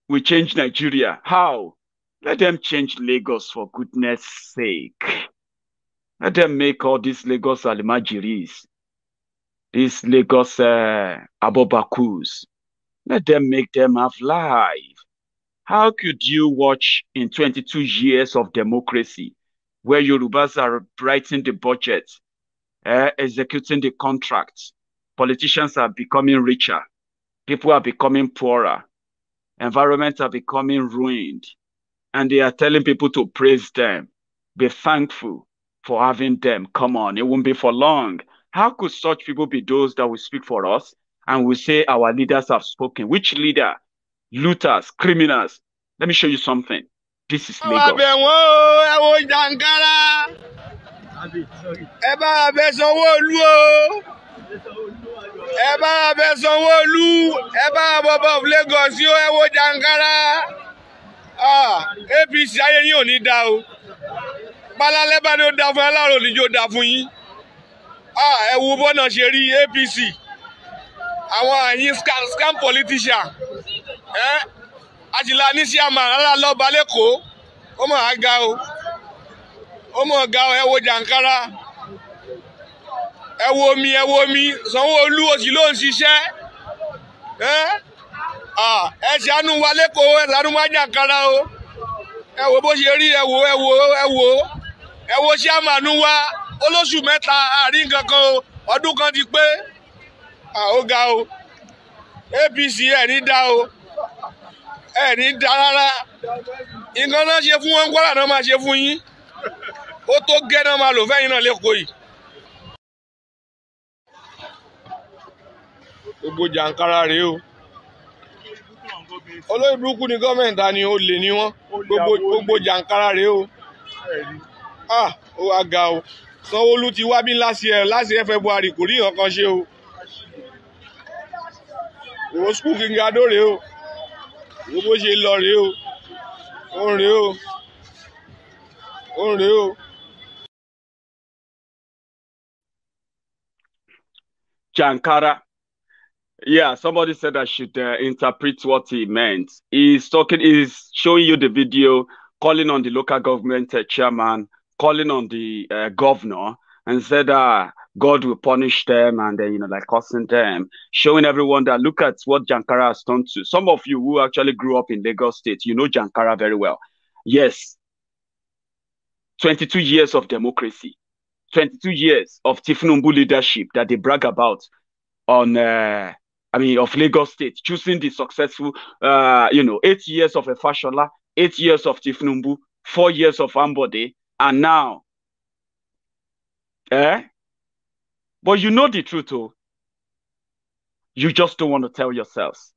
we change Nigeria. How? Let them change Lagos for goodness sake. Let them make all these Lagos Alimajiris these Lagos uh, Abobakus. Let them make them have life. How could you watch in 22 years of democracy where Yorubas are writing the budget, uh, executing the contracts, politicians are becoming richer, people are becoming poorer, environments are becoming ruined, and they are telling people to praise them, be thankful for having them. Come on, it won't be for long How could such people be those that will speak for us and we say our leaders have spoken? Which leader? Looters, criminals. Let me show you something. This is Lagos. ẹ bá Sanwó-Olú o ẹ bá Lagos o ẹ wo Jàǹkárà APC ah, ayé yín ò ní da o palalẹ́bá ni ó da fún ẹ láàárọ̀ níjó da fún yín. Ah, ẹ wo bọ́nà ṣe rí APC àwọn àyín scam politician àtìlá ní chairman alálọ́ba lẹ́kọ̀ọ́ ó mọ̀ á o ó mọ̀ ga ẹ wo jàǹkárá ẹ wo omi ẹ wo òsì ló ń ṣiṣẹ́ ẹ ṣàánú wa lẹ́kọ̀ọ́ ẹ ṣàánú wa jàǹkárá o ẹ wo bó ṣe rí ẹ wo ẹ wo ẹ wo olóṣù mẹ́ta àárín kankan o ọdún kan ti pé àóga o APC ẹ̀ ní dá o ẹ̀ ní dá rárá nǹkan náà ṣe fún wọn Kwara náà máa ṣe fún yín ó tó gẹ́ náà máa lò fẹ́yìn náà lẹ́kọ̀ọ́ yìí. gbogbo jàǹkárá rèé o olórí burúkú ni gọ́ọ̀mẹ̀ntì ta ni ó lè ní wọ́n gbogbo jàǹkárá rèé o ah ó wá ga o. Sanwó-Olú ti wá bí láti ẹ láti ẹ February kò rí nǹkan ṣe o òwò skul Kingado rèé o òwò bó ṣe lọ rèé o ó rèé o ó rèé o. Jankara. Yeah, somebody said I should uh, interpret what he meant. He's talking, he's showing you the video calling on the local government uh, chairman calling on the uh, governor and said, ah, God will punish them and then, you know, like cursing them, showing everyone that look at what Jankara has done to. Some of you who actually grew up in Lagos State, you know Jankara very well. Yes, 22 years of democracy, 22 years of Tifnumbu leadership that they brag about on, uh, I mean, of Lagos State, choosing the successful, uh, you know, eight years of a Fashola, eight years of Tifnumbu, four years of Ambode, and now. Eh? But you know the truth, oh. You just don't want to tell yourselves.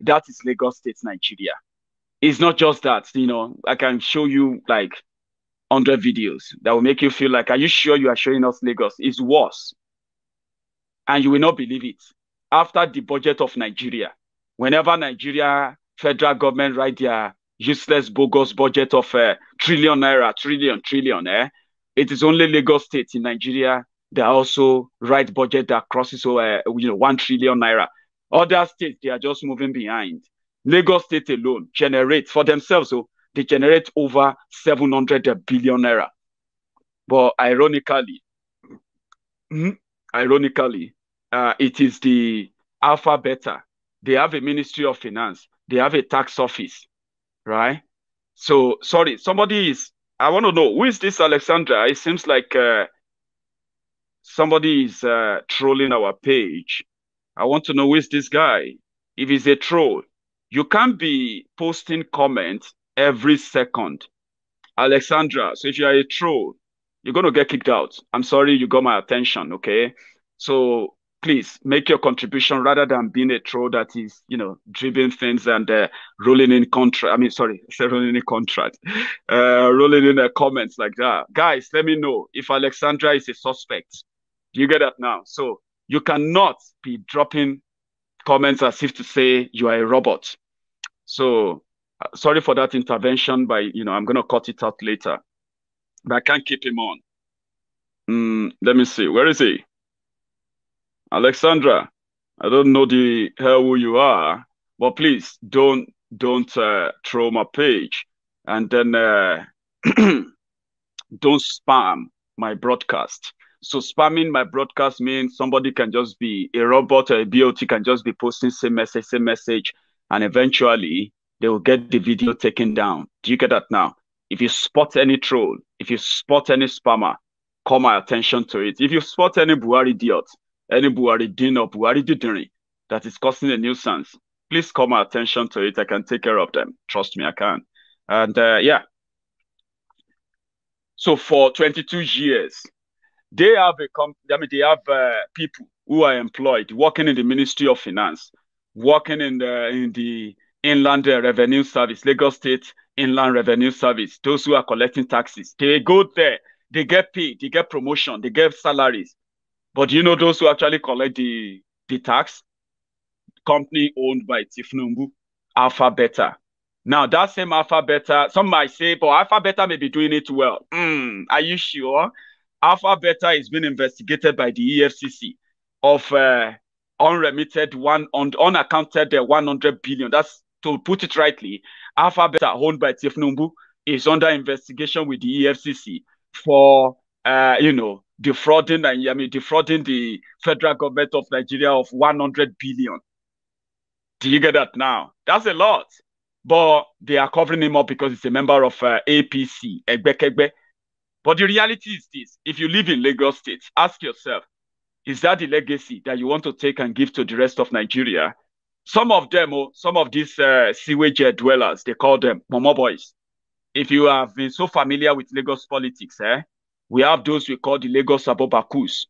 That is Lagos State, Nigeria. It's not just that, you know, I can show you like 100 videos that will make you feel like, are you sure you are showing us Lagos? It's worse. And you will not believe it. After the budget of Nigeria, whenever Nigeria federal government write their useless bogus budget of a uh, trillion naira, trillion, trillion. Eh? It is only Lagos State in Nigeria that also write budget that crosses over uh, you know one trillion naira. Other states they are just moving behind. Lagos State alone generates for themselves, so oh, they generate over 700 billion naira. But ironically, hmm, ironically, uh, it is the alpha beta. They have a Ministry of Finance. They have a tax office right? So sorry, somebody is. I want to know who is this Alexandra. It seems like uh, somebody is uh, trolling our page. I want to know who is this guy. If he's a troll, you can't be posting comments every second. Alexandra, so if you are a troll, you're going to get kicked out. I'm sorry you got my attention, okay? So please make your contribution rather than being a troll that is, you know, dribbling things and uh, rolling in contract. I mean, sorry, (laughs) rolling in contract, uh, rolling in the uh, comments like that. Guys, let me know if Alexandra is a suspect. You get that now. So you cannot be dropping comments as if to say you are a robot. So uh, sorry for that intervention, but you know, I'm gonna cut it out later. But I can't keep him on. Mm, let me see. Where is he? Alexandra, I don't know the hell who you are, but please don't don't uh, throw my page, and then uh, (clears throat) don't spam my broadcast. So spamming my broadcast means somebody can just be a robot or a BOT can just be posting same message, same message, and eventually they will get the video taken down. Do you get that now? If you spot any troll, if you spot any spammer, call my attention to it. If you spot any Buhari idiot, any Buhari din or Buhari is causing a nuisance, please call my attention to it. I can take care of them. Trust me, I can. And uh, yeah. So for 22 years, they have a comp- I mean, they have uh, people who are employed working in the Ministry of Finance, working in the in the Inland Revenue Service, Lagos State Inland Revenue Service. Those who are collecting taxes, they go there. They get paid. They get promotion. They get salaries. But you know those who actually collect the the tax? Company owned by Tifnumbu, Alpha Beta. Now that same Alpha Beta, some might say, but Alpha Beta may be doing it well. Mm, are you sure? Alpha Beta is being investigated by the EFCC of uh, unremitted one on un unaccounted uh, 100 billion. That's to put it rightly. Alpha Beta owned by Tifnumbu is under investigation with the EFCC for uh, you know defrauding I mean defrauding the federal government of Nigeria of 100 billion. Do you get that now? That's a lot. But they are covering him up because he's a member of uh, APC, But the reality is this. If you live in Lagos State, ask yourself, is that the legacy that you want to take and give to the rest of Nigeria? Some of them, oh, some of these uh, sewage dwellers, they call them Momo Boys. If you have been so familiar with Lagos politics, eh, we have those we call the Lagos Abobakus,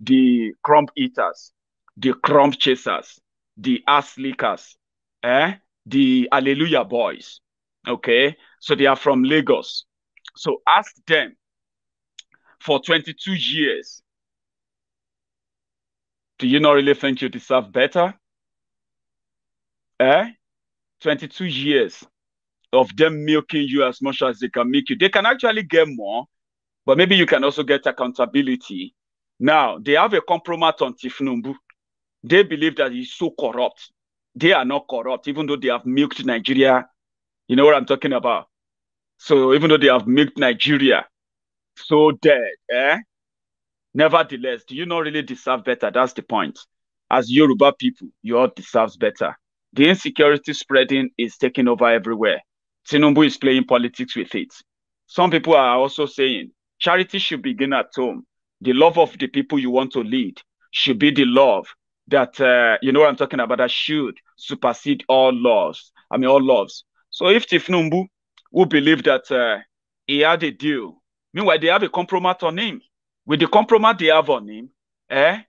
the crumb eaters, the crumb chasers, the ass lickers, eh? the Hallelujah boys. Okay, so they are from Lagos. So ask them for 22 years. Do you not really think you deserve better? Eh? 22 years of them milking you as much as they can make you. They can actually get more but maybe you can also get accountability. Now, they have a compromise on Tifnumbu. They believe that he's so corrupt. They are not corrupt, even though they have milked Nigeria. You know what I'm talking about? So even though they have milked Nigeria so dead, eh? Nevertheless, do you not really deserve better? That's the point. As Yoruba people, you all deserve better. The insecurity spreading is taking over everywhere. Tinubu is playing politics with it. Some people are also saying Charity should begin at home. The love of the people you want to lead should be the love that uh, you know what I'm talking about that should supersede all laws. I mean all laws. So if Tifnumbu who believe that uh, he had a deal, meanwhile they have a compromise on him. With the compromise they have on him, eh,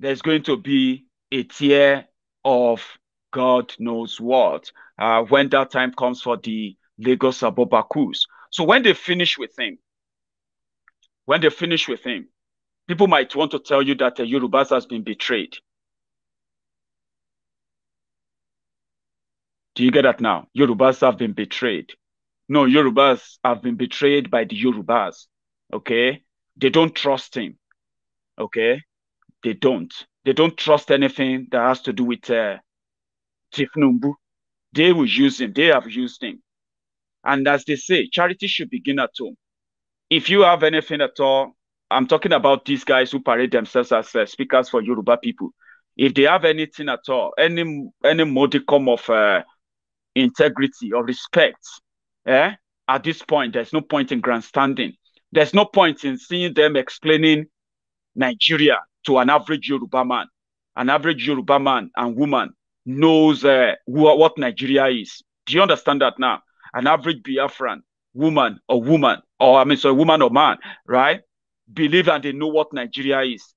there's going to be a tear of God knows what uh, when that time comes for the Lagos Abubakus. So when they finish with him, when they finish with him, people might want to tell you that Yorubas has been betrayed. Do you get that now? Yorubas have been betrayed. No, Yorubas have been betrayed by the Yorubas. Okay? They don't trust him. Okay? They don't. They don't trust anything that has to do with uh, Tifnumbu. They will use him. They have used him. And as they say, charity should begin at home if you have anything at all, I'm talking about these guys who parade themselves as uh, speakers for Yoruba people. If they have anything at all, any any modicum of uh, integrity or respect, eh? At this point, there's no point in grandstanding. There's no point in seeing them explaining Nigeria to an average Yoruba man. An average Yoruba man and woman knows uh, what Nigeria is. Do you understand that now? An average Biafran woman or woman, or I mean, so woman or man, right? Believe and they know what Nigeria is.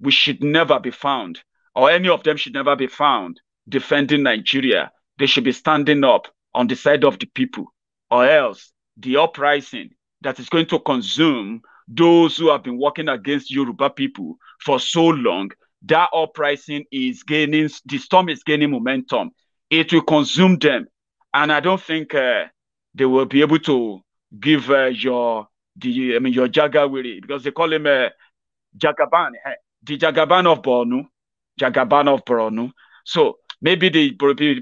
We should never be found, or any of them should never be found defending Nigeria. They should be standing up on the side of the people, or else the uprising that is going to consume those who have been working against Yoruba people for so long, that uprising is gaining, the storm is gaining momentum. It will consume them. And I don't think uh, they will be able to give uh, your the I mean your Jagawiri because they call him uh, Jagaban, eh, the Jagaban of Bornu, Jagaban of Bornu. So maybe the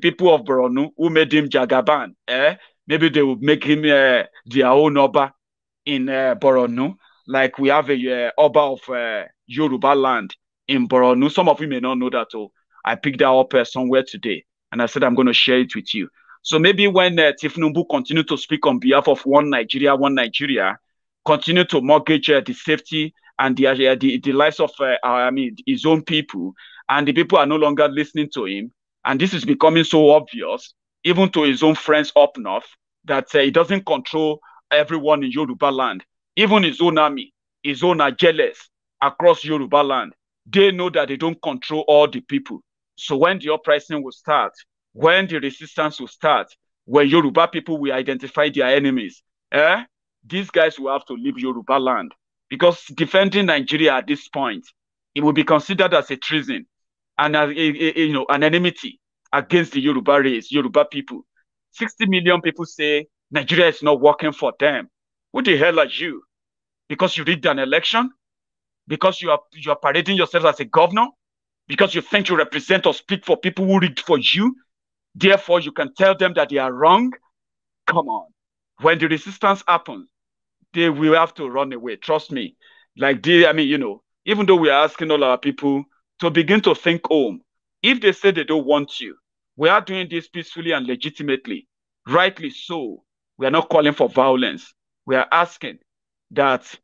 people of Bornu who made him Jagaban, eh? Maybe they will make him uh, their own Oba in uh, Bornu, like we have a uh, Oba of uh, Yoruba land in Bornu. Some of you may not know that. Oh, I picked that up uh, somewhere today, and I said I'm going to share it with you. So maybe when uh, Tifnumbu continue to speak on behalf of one Nigeria, one Nigeria, continue to mortgage uh, the safety and the, uh, the, the lives of uh, I mean his own people, and the people are no longer listening to him, and this is becoming so obvious even to his own friends up north that uh, he doesn't control everyone in Yoruba land, even his own army, his own are jealous across Yoruba land. They know that they don't control all the people. So when the uprising will start, when the resistance will start, when Yoruba people will identify their enemies, eh? These guys will have to leave Yoruba land because defending Nigeria at this point, it will be considered as a treason and as, you know an enmity against the Yoruba race, Yoruba people. 60 million people say Nigeria is not working for them. Who the hell are you? Because you rigged an election? Because you are you are parading yourself as a governor? Because you think you represent or speak for people who rigged for you? Therefore, you can tell them that they are wrong. Come on. When the resistance happens, they will have to run away. Trust me. Like, they, I mean, you know, even though we are asking all our people to begin to think home, if they say they don't want you, we are doing this peacefully and legitimately, rightly so. We are not calling for violence. We are asking that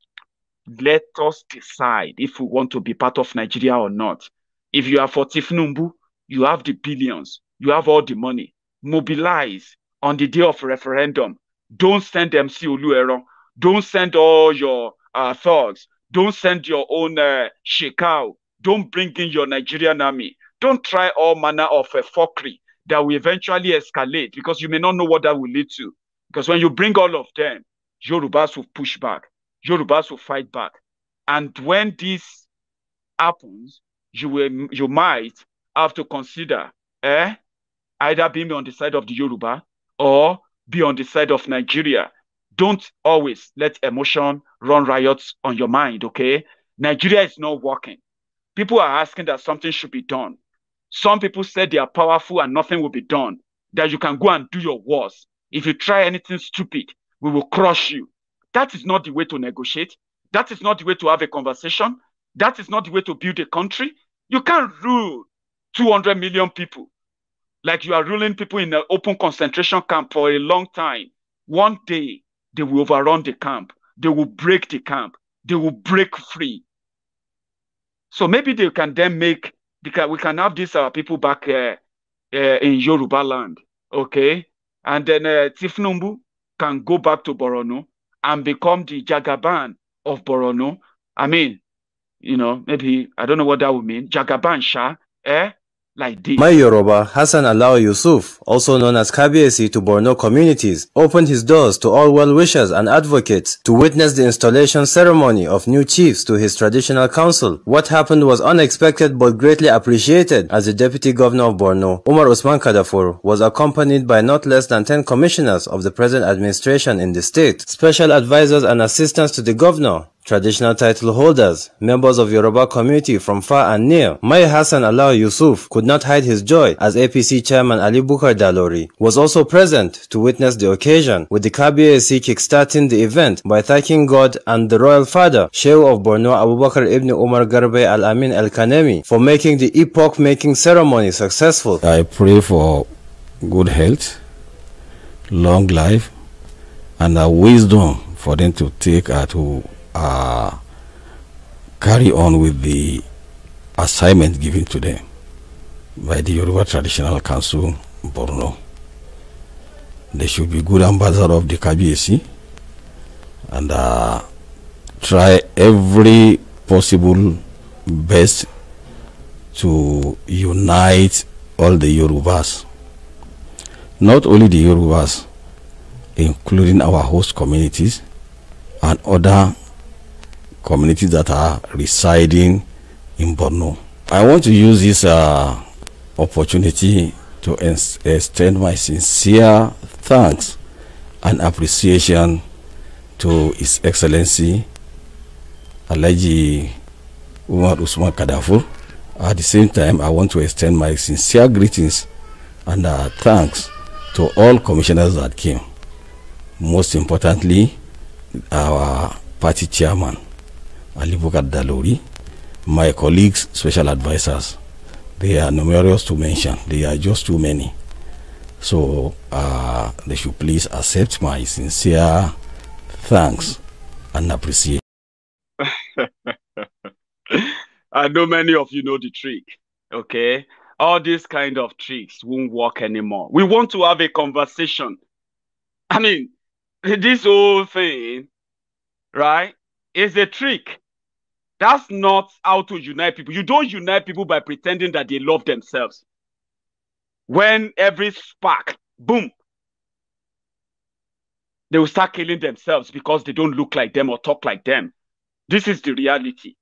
let us decide if we want to be part of Nigeria or not. If you are for Tifnumbu, you have the billions. You have all the money. Mobilize on the day of referendum. Don't send MC Oluero. Don't send all your uh, thugs. Don't send your own uh, shekau. Don't bring in your Nigerian army. Don't try all manner of uh, fuckery that will eventually escalate because you may not know what that will lead to. Because when you bring all of them, Yorubas will push back. Yorubas will fight back. And when this happens, you will you might have to consider, eh, either being on the side of the Yoruba or be on the side of Nigeria. Don't always let emotion run riots on your mind, okay? Nigeria is not working. People are asking that something should be done. Some people said they are powerful and nothing will be done, that you can go and do your worst. If you try anything stupid, we will crush you. That is not the way to negotiate. That is not the way to have a conversation. That is not the way to build a country. You can't rule 200 million people like you are ruling people in an open concentration camp for a long time. One day they will overrun the camp, they will break the camp, they will break free. So maybe they can then make because we can have these uh, people back uh, uh, in Yoruba land, okay? And then uh, Tifnumbu can go back to Borono and become the Jagaban of Borono. I mean, you know, maybe I don't know what that would mean. Jagaban Shah, eh? like this. My Yoruba, Hassan Alao Yusuf, also known as Kabiesi to Borno communities, opened his doors to all well-wishers and advocates to witness the installation ceremony of new chiefs to his traditional council. What happened was unexpected but greatly appreciated as the Deputy Governor of Borno, Umar Usman Kadafur, was accompanied by not less than 10 commissioners of the present administration in the state, special advisors and assistants to the governor, Traditional title holders, members of Yoruba community from far and near, Mai Hassan Allah Yusuf could not hide his joy as APC chairman Ali Bukar Dalori was also present to witness the occasion, with the KBAC kickstarting the event by thanking God and the royal father, Sheikh of Borno Abubakar Ibn Umar Garbe Al-Amin Al-Kanemi for making the epoch-making ceremony successful. I pray for good health, long life, and a wisdom for them to take at home uh, carry on with the assignment given to them by the Yoruba Traditional Council, Borno. They should be good ambassadors of the KBAC and uh, try every possible best to unite all the Yorubas. Not only the Yorubas, including our host communities and other communities that are residing in Borno. I want to use this uh, opportunity to extend my sincere thanks and appreciation to His Excellency Alaji Umar Usman Kadafur. At the same time, I want to extend my sincere greetings and uh, thanks to all commissioners that came. Most importantly, our party chairman. Ali Bukar Dalori, my colleagues, special advisors. They are numerous to mention. They are just too many. So uh, they should please accept my sincere thanks and appreciation. (laughs) I know many of you know the trick, okay? All these kind of tricks won't work anymore. We want to have a conversation. I mean, this whole thing, right, is a trick. That's not how to unite people. You don't unite people by pretending that they love themselves. When every spark, boom, they will start killing themselves because they don't look like them or talk like them. This is the reality.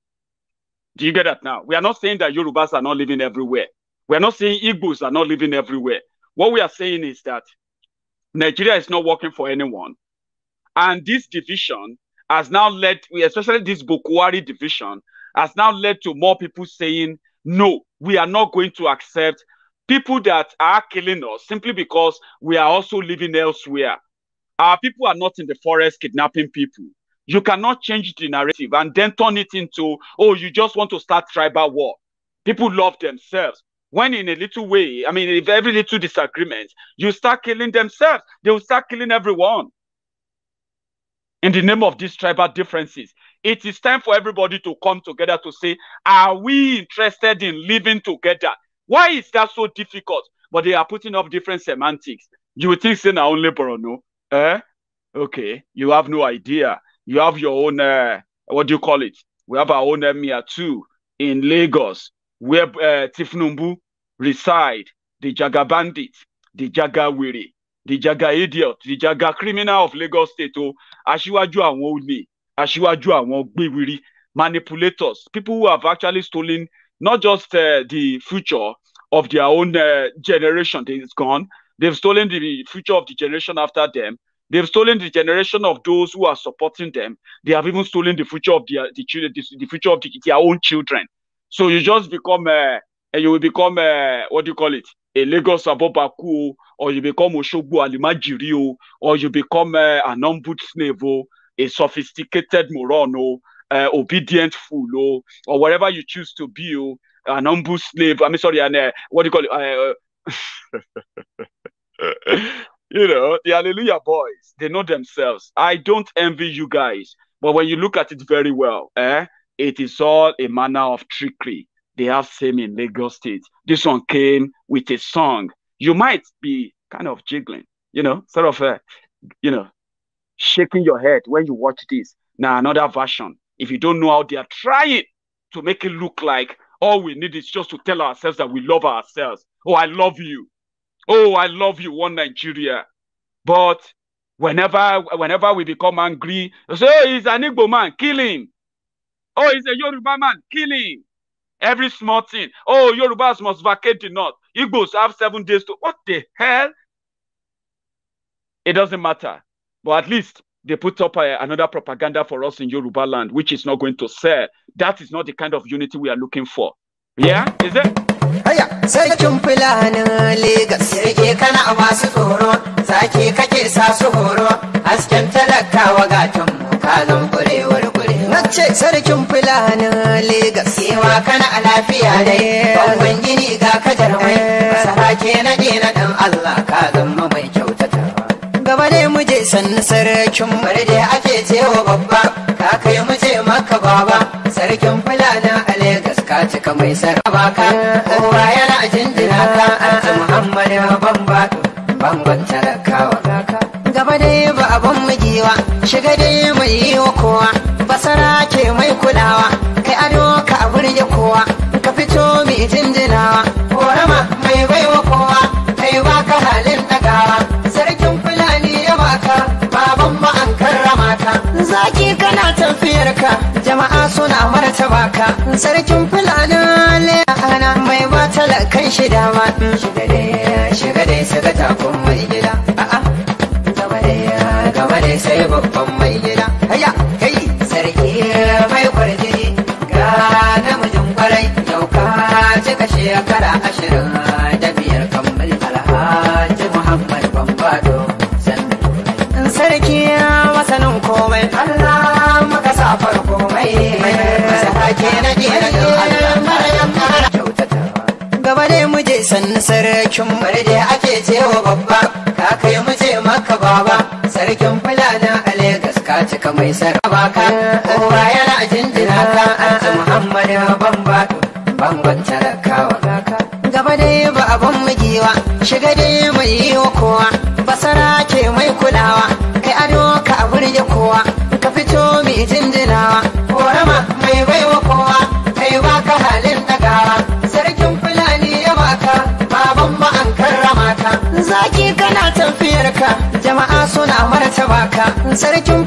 Do you get that now? We are not saying that Yorubas are not living everywhere. We are not saying Igbos are not living everywhere. What we are saying is that Nigeria is not working for anyone. And this division has now led, especially this Bukwari division, has now led to more people saying, no, we are not going to accept people that are killing us simply because we are also living elsewhere. Our people are not in the forest kidnapping people. You cannot change the narrative and then turn it into, oh, you just want to start tribal war. People love themselves. When in a little way, I mean, if every little disagreement, you start killing themselves, they will start killing everyone in the name of these tribal differences. It is time for everybody to come together to say, are we interested in living together? Why is that so difficult? But they are putting up different semantics. You would think say now only Borono. Eh? Okay, you have no idea. You have your own uh, what do you call it? We have our own emir too in Lagos, where uh, eh, Tifnumbu reside, the Jaga bandit, the Jaga Wiri the jaga idiot the jaga criminal of Lagos state o aṣíwájú àwọn olè aṣíwájú àwọn gbéwiri manipulators people who have actually stolen not just uh, the future of their own uh, generation that is gone they've stolen the future of the generation after them They've stolen the generation of those who are supporting them. They have even stolen the future of their the, the, future of the, their own children. So you just become eh, and you will become uh, what do you call it a Lagos Abobaku or you become Oshogbo Alimajiri or you become uh, an ombudsman a sophisticated moron uh, obedient fool or whatever you choose to be an humble slave I mean sorry uh, what do you call it uh, (laughs) you know the Hallelujah boys they know themselves I don't envy you guys but when you look at it very well eh it is all a manner of trickery they have same in Lagos State. This one came with a song. You might be kind of jiggling, you know, sort of, uh, you know, shaking your head when you watch this. Now another version. If you don't know how they are trying to make it look like all we need is just to tell ourselves that we love ourselves. Oh, I love you. Oh, I love you, one Nigeria. But whenever whenever we become angry, say, oh, he's an Igbo man, kill him. Oh, he's a Yoruba man, kill him. Every small thing. Oh, Yorubas must vacate the north. Igbos have seven days to. What the hell? It doesn't matter. But at least they put up uh, another propaganda for us in Yoruba land, which is not going to sell. That is not the kind of unity we are looking for. Yeah? Is it? Haya, sarkin fulanin Legas. Sirke kana masu tsoro, zaki kake sa su horo, hasken talakawa gatun mu kalon kurewar na sarkin fulani Legas. Sewa kana a lafiya dai, eh. bangon gini ga kajar mai, eh. ke na na ɗan Allah ka zama mai kyautata. Gaba dai mu je sannu sarkin bari dai ake cewa babba, ka kai mu je maka baba, sarkin fulani a Legas ka cika mai sarraba ka, eh. kowa yana jinjina ka, a Muhammad ban bato, bangon talakawa. Gaba dai ba abin mu shiga dai mai yi wa kowa. basara ke mai kulawa kai ado ka a burge kowa ka fito mai jinjinawa korama mai baiwa kowa kai baka halin dagawa sarkin fulani ya baka baban ma an karrama ka zaki kana tafiyar ka jama'a suna martaba ka sarkin fulani ana mai ba talakan shi dama ka mai saraba ka kowa yana jinjina ka aji muhammad ban ba bangon talakawa gaba yi ba abin mugiwa shiga yi mai yi wa kowa basara ke mai kulawa kai ado ka a burge kowa ka fito mai jinjinawa korama mai baiwa kowa kai baka halin dagawa sarkin fulani ya baka baban ma an karrama ka zaki kana tafiyarka jama'a suna martaba ka sarkin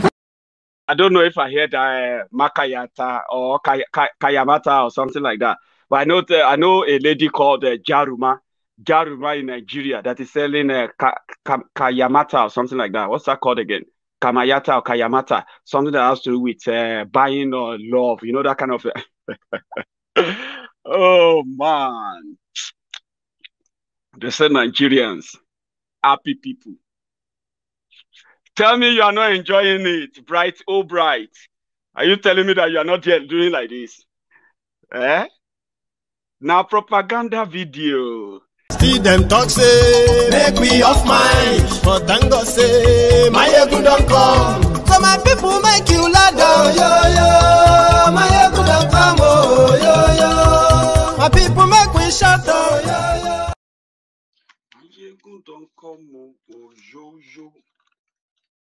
don't know if I heard uh, eh, Makayata or Kay- Kay- Kayamata or something like that. But I know I know a lady called uh, Jaruma, Jaruma in Nigeria that is selling uh, Ka- Ka- Kayamata or something like that. What's that called again? Kamayata or Kayamata, something that has to do with uh, buying or love, you know that kind of. (laughs) oh man, they say Nigerians, happy people. Tell me you are not enjoying it, bright, oh bright. Are you telling me that you are not here doing like this? Eh? Now propaganda video. Still them talk say, make we off mind. But thank God say, my good don't come. So my people make you ladder. Oh, yo, yo, my good don't come. Oh, yo, yo. My people make we shut oh, oh, yo, yo. My good don't come. Oh, yo, yo.